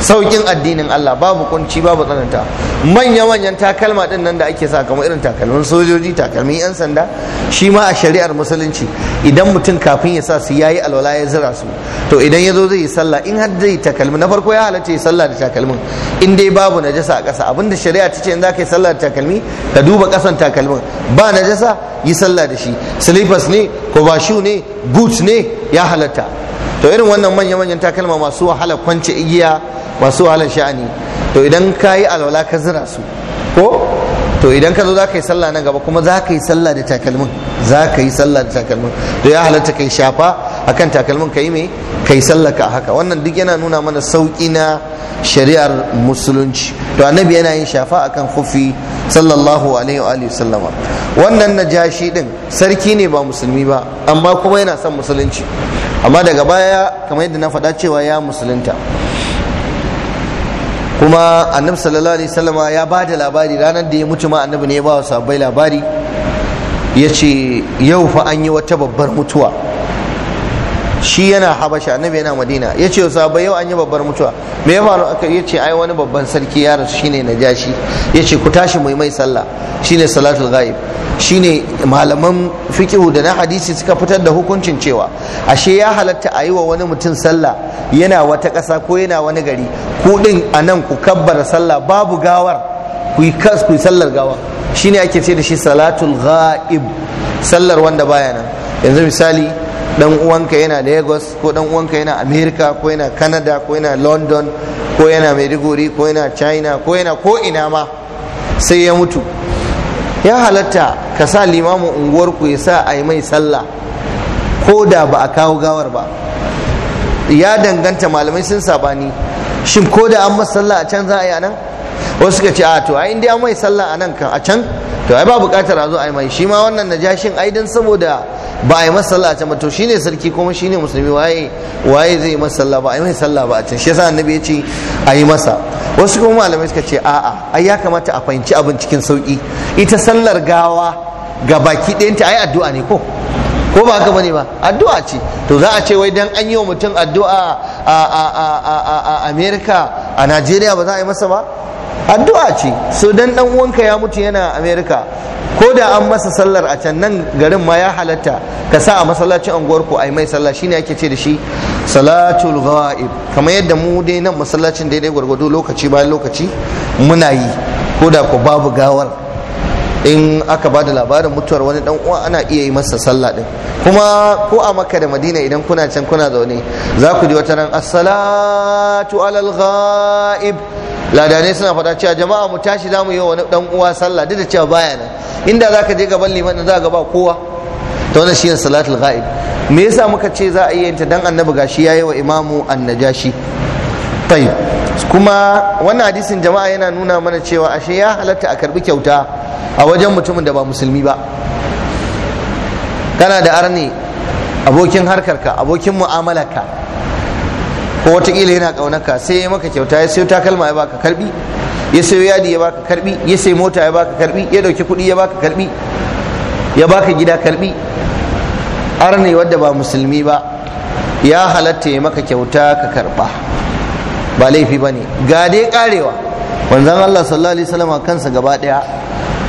saukin addinin Allah babu kunci babu tsananta manya manyan takalma din nan da ake sa kamar irin takalmin sojoji takalmin yan sanda shi ma a shari'ar musulunci idan mutum kafin ya sa su yayi alwala ya zira su to idan ya zo zai yi sallah in har zai takalmi na farko ya halatta ya sallah da takalmin in dai babu najasa a ƙasa da shari'a ta ce in za ka yi sallah da takalmi ka duba ƙasan takalmin ba najasa yi sallah da shi slippers ne ko shu ne boots ne ya halatta to irin wannan manya manyan takalma masu wahala kwance igiya masu wahala sha'ani to idan ka yi alwala ka zira su ko to idan ka zo za ka yi sallah nan gaba kuma za ka yi sallah da takalmin za ka yi sallah da takalmin to ya halatta ka yi shafa akan takalmin ka yi mai ka yi sallah ka haka wannan duk yana nuna mana sauƙi na shari'ar musulunci to annabi yana yin shafa akan kufi sallallahu alaihi wa sallama wannan najashi din sarki ne ba musulmi ba amma kuma yana son musulunci amma daga baya kamar yadda na faɗa cewa ya musulunta kuma annabi sallallahu alaihi wasallam ya ba da labari ranar da ya mutu ma annabi ne ya ba wa sahabbai labari ya ce yau fa an yi wata babbar mutuwa shi yana habasha annabi yana madina ya ce sahaba yau an yi babbar mutuwa me ya faru aka ya ce ai wani babban sarki ya rasu shine najashi ya ce ku tashi mu mai sallah shine salatul ghaib shine malaman fiqhu da na hadisi suka fitar da hukuncin cewa ashe ya halatta a yi wa wani mutum sallah yana wata ƙasa ko yana wani gari ku din nan ku kabbara sallah babu gawar ku yi kas ku yi sallar gawa shine ake ce da shi salatul ghaib sallar wanda baya nan yanzu misali dan uwanka yana lagos ko dan uwanka yana america ko yana canada ko yana london ko yana maiduguri ko yana china ko yana ko ina ma sai ya mutu ya halatta ka sa limamin unguwarku ya sa a yi mai sallah ko da ba a kawo gawar ba ya danganta malamai sun sabani shin ko da an masa sallah a can za a yi a wasu suka ce a to ai dai an mai sallah anan nan kan a can to ai ba bukatar a zo a yi mai shi ma wannan najashin aidan saboda ba a yi masa sallah a can ba to shine sarki kuma shine musulmi waye waye zai yi masa sallah ba a yi masa sallah ba a can shi yasa annabi ya ce a yi masa wasu kuma malamai suka ce a'a ai ya kamata a fahimci abin cikin sauki ita sallar gawa ga baki ɗayanta ai addu'a ne ko ko ba haka bane ba addu'a ce to za a ce wai dan an yi wa mutum addu'a a a a a a America a Najeriya ba za a yi masa ba addu'a ce so dan dan uwanka ya mutu yana America ko da an masa sallar a can nan garin ma ya halatta ka sa a masallacin anguwar ku ai mai sallah shine ake ce da shi salatul ghaib kamar yadda mu dai nan masallacin daidai gwargwado lokaci bayan lokaci muna yi ko da ku babu gawar in aka ba da labarin mutuwar wani dan uwa ana iya yi masa sallah din kuma ko a makka da madina idan kuna can kuna zaune za ku ji wata ran assalatu salatu alal ghaib ladane suna faɗa cewa jama'a mu tashi zamu yi wani dan uwa sallah duk da cewa baya nan inda zaka je gaban liman za ga ba kowa to wannan salatu salatul ghaib me yasa muka ce za a yi ta dan annabi gashi yayi wa imamu annajashi tayyib kuma wannan hadisin jama'a yana nuna mana cewa ashe ya halatta a karbi kyauta a wajen mutumin da ba musulmi ba kana da arni abokin harkarka abokin mu'amalarka ko wataƙila yana ƙaunarka sai ya maka kyauta ya sayo takalma ya baka karbi ya sayo yadi ya baka karbi ya sayo mota ya baka karbi ya ɗauki kuɗi ya baka karbi ya baka gida karbi arni wadda ba musulmi ba ya halatta ya maka kyauta ka karba ba laifi ba ne ga dai karewa wanzan Allah sallallahu alaihi wasallam kansa gaba daya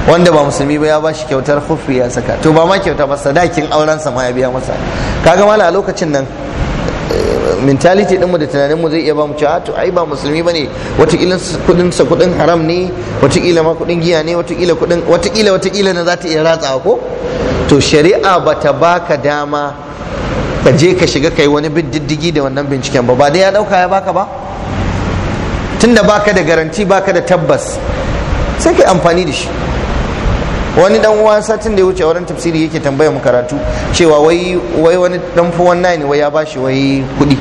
wanda ba musulmi ba ya ba shi kyautar hufi ya saka to ba ma kyauta ba sadakin auren sa ma ya biya masa kaga mala a lokacin nan eh, mentality mu da tunanin mu zai iya ba mu cewa ah, to ai ba musulmi bane kila kudin sa kudin haram ne watakila ma kudin giya ne kila kudin wata kila na za ta iya ratsawa ko to shari'a ba ta baka dama ka je ka shiga kai wani bin diddigi da wannan binciken ba ba dai ya dauka ya baka ba tunda baka da garanti baka da tabbas sai kai amfani da shi wani dan uwa satin da ya wuce wurin tafsiri yake tambaya mu karatu cewa wai wai wani dan fuwan nai ne wai ya bashi wai kudi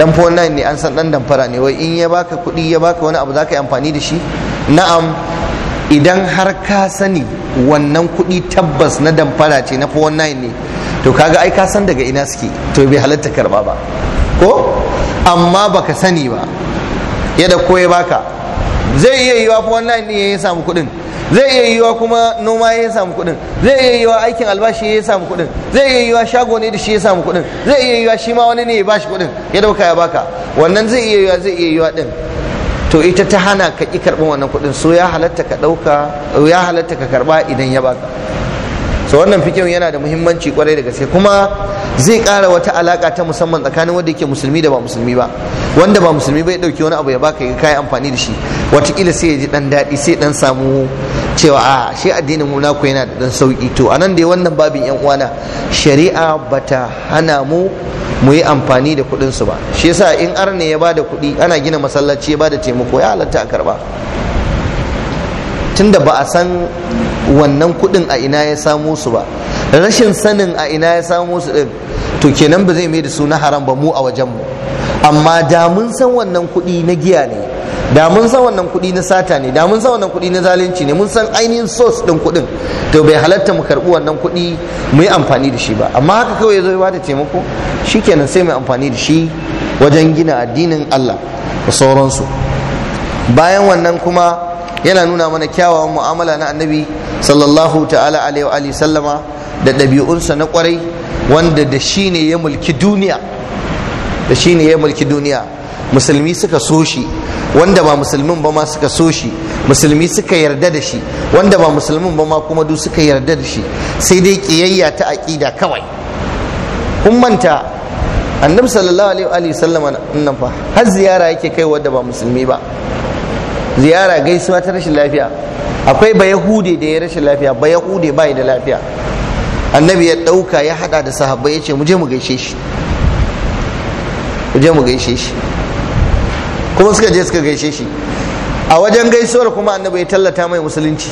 dan fuwan nai ne an san dan damfara ne wai in ya baka kudi ya baka wani abu zaka yi amfani da shi na'am idan har ka sani wannan kudi tabbas na damfara ce na fuwan nai ne to kaga ai ka san daga ina suke to bai halatta karba ba ko amma baka sani ba ya da koya baka zai iya yiwa fa wannan ne ya samu kuɗin zai iya yiwa kuma noma ya samu kuɗin zai iya yiwa aikin albashi ya samu kuɗin zai iya yiwa shago ne da shi ya samu kuɗin zai iya yiwa shi ma wani ne ya bashi kuɗin ya dauka ya baka wannan zai iya yiwa zai iya yiwa din to ita ta hana ka ki karɓi wannan kuɗin so ya halatta ka ɗauka ya halatta ka karɓa idan ya baka so wannan fikin yana da muhimmanci kwarai da gaske kuma zai kara wata alaka ta musamman tsakanin wanda yake musulmi da ba musulmi ba wanda ba musulmi ba ya dauki wani abu ya baka ya kai amfani da shi watakila sai ya ji dan daɗi sai dan samu cewa a shi addinin mu naku yana da dan sauki to anan dai wannan babin yan uwana shari'a bata hana mu mu yi amfani da kuɗin su ba shi yasa in arne ya bada kuɗi ana gina masallaci ya bada taimako ya halatta a karba tunda ba a san wannan kuɗin a ina ya samo su ba rashin sanin a ina ya samo su ɗin to kenan ba zai mai da suna haram ba mu a wajen mu amma da mun san wannan kuɗi na giya ne da mun san wannan kuɗi na sata ne da mun san wannan kuɗi na zalunci ne mun san ainihin source din kuɗin to bai halatta mu karɓi wannan kuɗi mu yi amfani da shi ba amma haka kawai ya ba da ta taimako shikenan sai mu amfani da shi wajen gina addinin Allah da sauransu bayan wannan kuma yana nuna mana kyawawan mu'amala na annabi sallallahu ta'ala alaihi sallama da ɗabi'unsa na kwarai wanda da shi ne ya mulki duniya da shi ne ya mulki duniya musulmi suka so shi wanda ba musulmin ba ma suka so shi musulmi suka yarda da shi wanda ba musulmin ba ma kuma duk suka yarda da shi sai dai ƙiyayya ta aƙida kawai kun manta annabi sallallahu alaihi sallama nan fa har ziyara yake kai wanda ba musulmi ba ziyara gaisuwa ta rashin lafiya akwai ba yahude da ya rashin lafiya ba yahude ba da lafiya annabi ya ɗauka ya haɗa da sahabbai ya ce mu je mu gaishe shi mu je mu gaishe shi kuma suka je suka gaishe shi a wajen gaisuwar kuma annabi ya tallata mai musulunci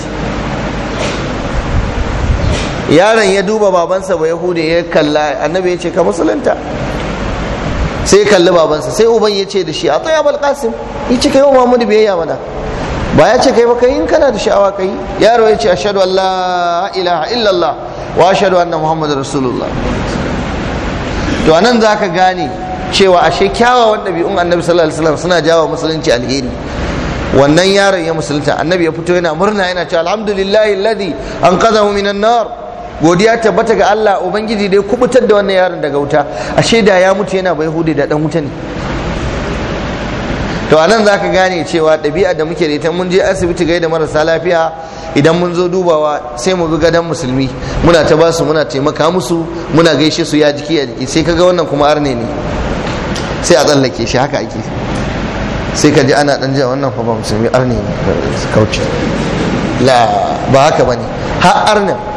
yaron ya duba babansa ba yahude ya kalla annabi ya ce ka musulunta sai ya kalli babansa sai uban ya ce da shi a tsaye abal kasim ya ce kai wa mamudu biyayya mana ba ya ce kai ba kai in kana da sha'awa kai yaro ya ce a an Allah ilaha illallah wa ashhadu annan muhammadar rasulullah to a nan za ka gane cewa ashe kyawawan ɗabi'un annabi sallallahu alaihi wasallam suna jawo musulunci alheri wannan yaron ya musulunta annabi ya fito yana murna yana cewa alhamdulillahi alladhi anqadhahu minan nar godiya tabbata ga Allah ubangiji dai kubutar da wannan yaron daga wuta ashe da ya mutu yana bai hude da dan wuta ne to anan zaka gane cewa ɗabi'a da muke da ita mun je asibiti gaida marasa lafiya idan mun zo dubawa sai mu bi gadon musulmi muna ta basu muna taimaka musu muna gaishe su ya jiki ya jiki sai kaga wannan kuma arne ne sai a tsallake shi haka ake sai ka ji ana dan jiya wannan fa ba musulmi arne ne kauce la ba haka bane har arnan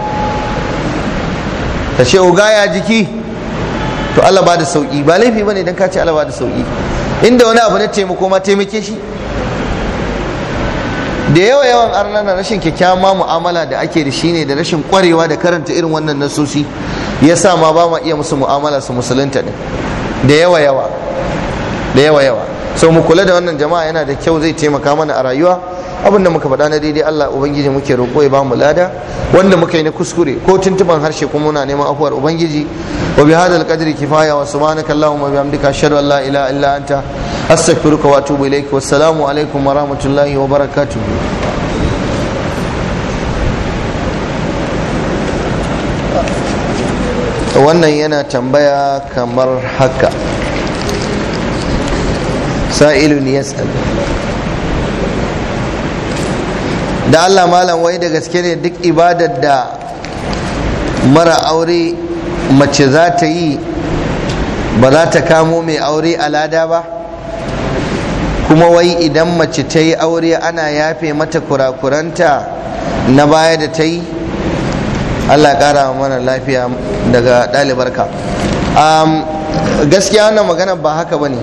Ta ce oga ya jiki to Allah ba da sauki ba laifi bane dan ka ce Allah ba da sauki inda wani abu na taimako ma taimake shi da yawa yawan arnana rashin kyakkyawan mu'amala da ake da shi ne da rashin kwarewa da karanta irin wannan nasosi ya sa ma ba ma iya musu mu'amala su musulunta ne da yawa yawa da yawa yawa so mu kula da wannan jama'a yana da kyau zai taimaka mana a rayuwa abin da muka faɗa na daidai Allah ubangiji muke roƙo ya bamu lada wanda muka yi na kuskure ko tuntuban harshe kuma muna neman afuwar ubangiji wa bi hadal qadri kifaya wa subhanaka allahumma bihamdika ashhadu an la ilaha illa anta astaghfiruka wa atubu ilaik alaikum wa rahmatullahi wa barakatuh wannan yana tambaya kamar haka sa'ilun yas'al da Allah malam wai da gaske ne duk ibadar da mara aure mace za ta yi ba za ta kamo mai aure a lada ba kuma wai idan mace ta yi aure ana yafe mata kurakuranta na baya da ta yi Allah kara mana lafiya daga ɗalibarka gaskiya wannan magana ba haka ba ne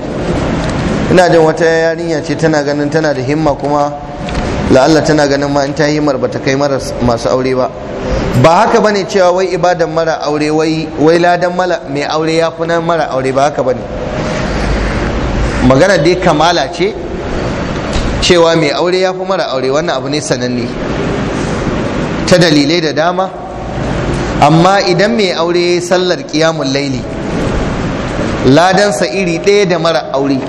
ina jin wata yarinya ce tana ganin tana da himma kuma la'alla tana ganin ma in ta himar bata kai mara masu aure ba ba haka bane cewa wai ibadan mara aure wai wai ladan mala mai aure ya fi mara aure ba haka bane magana dai kamala ce cewa mai aure ya fi mara aure wannan abu ne sananne ta dalilai da dama amma idan mai aure ya yi sallar kiyamun laili ladansa iri ɗaya da mara aure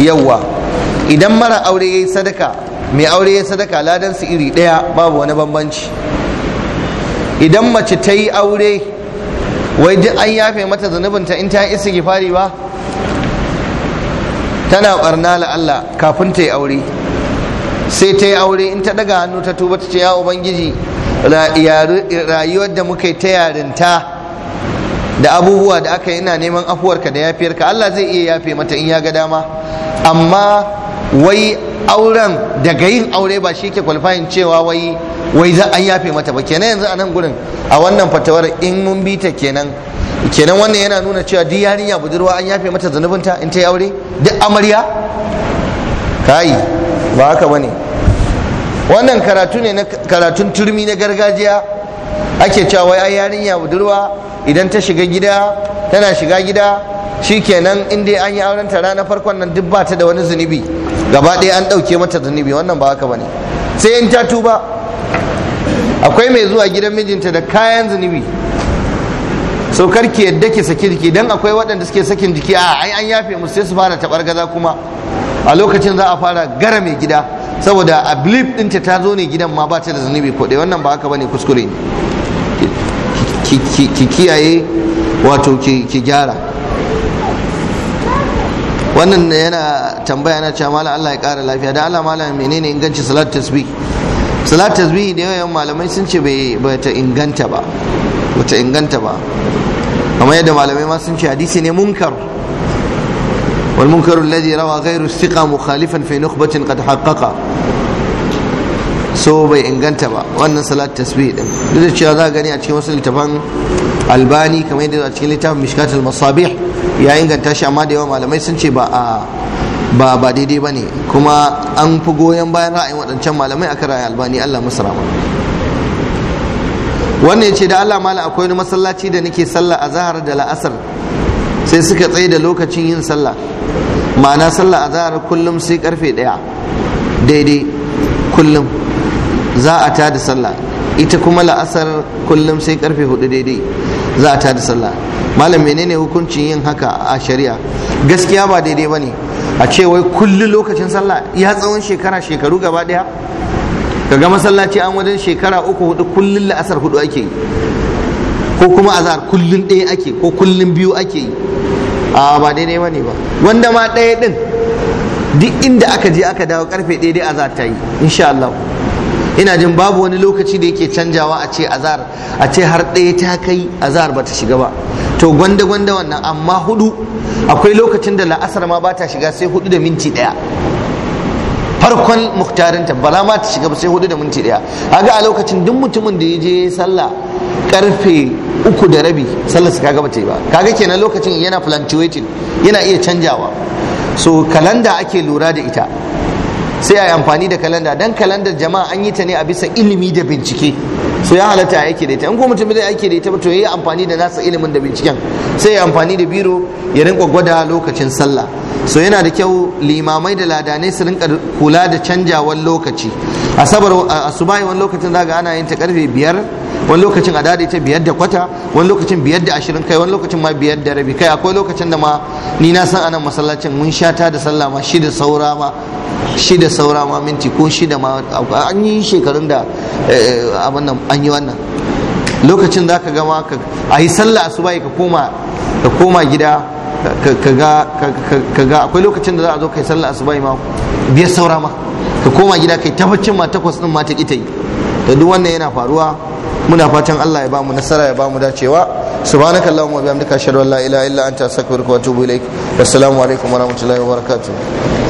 yawwa idan mara aure ya yi sadaka mai aure ya sadaka ladansu iri ɗaya babu wani bambanci idan mace ta yi aure wai duk an yafe mata zunubinta in ta yi isa gifari ba tana barna la Allah kafin ta yi aure sai ta yi aure in ta daga hannu ta tuba ta ce ya ubangiji rayuwar da muka ta yarinta da abubuwa da aka yi ina neman afuwarka da yafiyarka Allah zai iya yafe mata in ya ga dama amma wai auren daga yin aure ba shi ke kwalifayin cewa wai wai za a yafe mata ba kenan yanzu a nan gurin a wannan fatawar in mun bi ta kenan kenan wannan yana nuna cewa duk yarinya budurwa an yafe mata zanubinta in ta yi aure duk amarya kai ba haka bane wannan karatu ne na karatun turmi na gargajiya ake cewa wai ai yarinya budurwa idan ta shiga gida tana shiga gida shikenan in dai an yi auren ta ranar farkon nan duk ba ta da wani zunubi gaba ɗaya an ɗauke mata zunubi wannan ba haka bane sai in ta tuba akwai mai zuwa gidan mijinta da kayan zunubi Saukar ki yadda ki saki jiki dan akwai waɗanda suke sakin jiki a ai an yafe musu sai su fara tabar gaza kuma a lokacin za a fara gara mai gida saboda a blip ɗinta ta zo ne gidan ma ba ta da zunubi ko dai wannan ba haka bane kuskure ki kiyaye wato ki gyara wannan da yana tambaya na cewa malam Allah ya kara lafiya da Allah malam menene inganci salat tasbih salat tasbih da yawan malamai sun ce bai ta inganta ba bata inganta ba amma yadda malamai ma sun ce hadisi ne munkar wal munkar alladhi rawa ghayru thiqa mukhalifan fi nukhbatin qad haqqaqa so bai inganta ba wannan salat tasbih din duk da cewa za gani a cikin wasu littafan albani kamar yadda a cikin littafin mishkatul masabih ya inganta shi amma da yawa malamai sun ce ba a ba ba daidai ba ne kuma an fi goyon bayan ra'ayin waɗancan malamai a ra'ayin albani allah musu rama wannan ya ce da allah mala akwai wani masallaci da nake sallah a zahar da la'asar sai suka tsaye da lokacin yin sallah ma'ana sallah a zahar kullum sai karfe ɗaya daidai kullum za a ta da sallah ita kuma la'asar kullum sai karfe hudu daidai za a tada sallah malam menene hukuncin yin haka a shari'a gaskiya ba daidai bane a ce wai kullum lokacin sallah ya tsawon shekara shekaru gaba daya sallah masallaci an wajen shekara uku hudu kullum la'asar hudu ake yi ko kuma azhar kullum ɗaya ake ko kullum biyu ake yi a ba daidai bane ba wanda ma ɗaya din duk inda aka je aka dawo karfe ɗaya dai azhar ta yi insha Allah ina jin babu wani lokaci da yake canjawa a ce azar a ce har ɗaya ta kai azar ba ta shiga ba to gwanda gwanda wannan amma hudu akwai lokacin da la'asar ma ba ta shiga sai hudu da minti ɗaya farkon muktarinta bala ma ta shiga ba sai hudu da minti ɗaya ga a lokacin duk mutumin da ya je sallah karfe uku da rabi salla su kaga bata yi ba kaga kenan lokacin yana fluctuating yana iya canjawa so kalanda ake lura da ita sai a yi amfani da kalanda don kalandar jama'a an yi ta ne a bisa ilimi da bincike so ya halatta a yake da ita in kuma mutum zai ake da ita to yayi amfani da nasa ilimin da binciken sai ya amfani da biro ya rinka gwada lokacin sallah so yana da kyau limamai da ladanai su rinka kula da canjawan lokaci asabar asubai wani lokacin zaga ana yin ta karfe biyar wani lokacin a dade ta biyar da kwata wani lokacin biyar da ashirin kai wani lokacin ma biyar da rabi kai akwai lokacin da ma ni na san anan masallacin mun sha ta da sallah ma shida saura ma shida saura ma minti ko shida ma an yi shekarun da eh, eh, abin nan an yi wannan lokacin za ka gama a yi sallah a ka koma ka koma gida ka ga akwai lokacin da za a zo ka kai sallah asuba ma biyar saura ma ka koma gida ka yi tabbacin ma takwas din ma ta ita yi da duk wannan yana faruwa muna fatan Allah ya ba mu nasara ya ba mu dacewa subhanaka allahumma wa bihamdika ashhadu an la ilaha illa anta astaghfiruka wa atubu ilaik wassalamu alaikum wa rahmatullahi wa barakatuh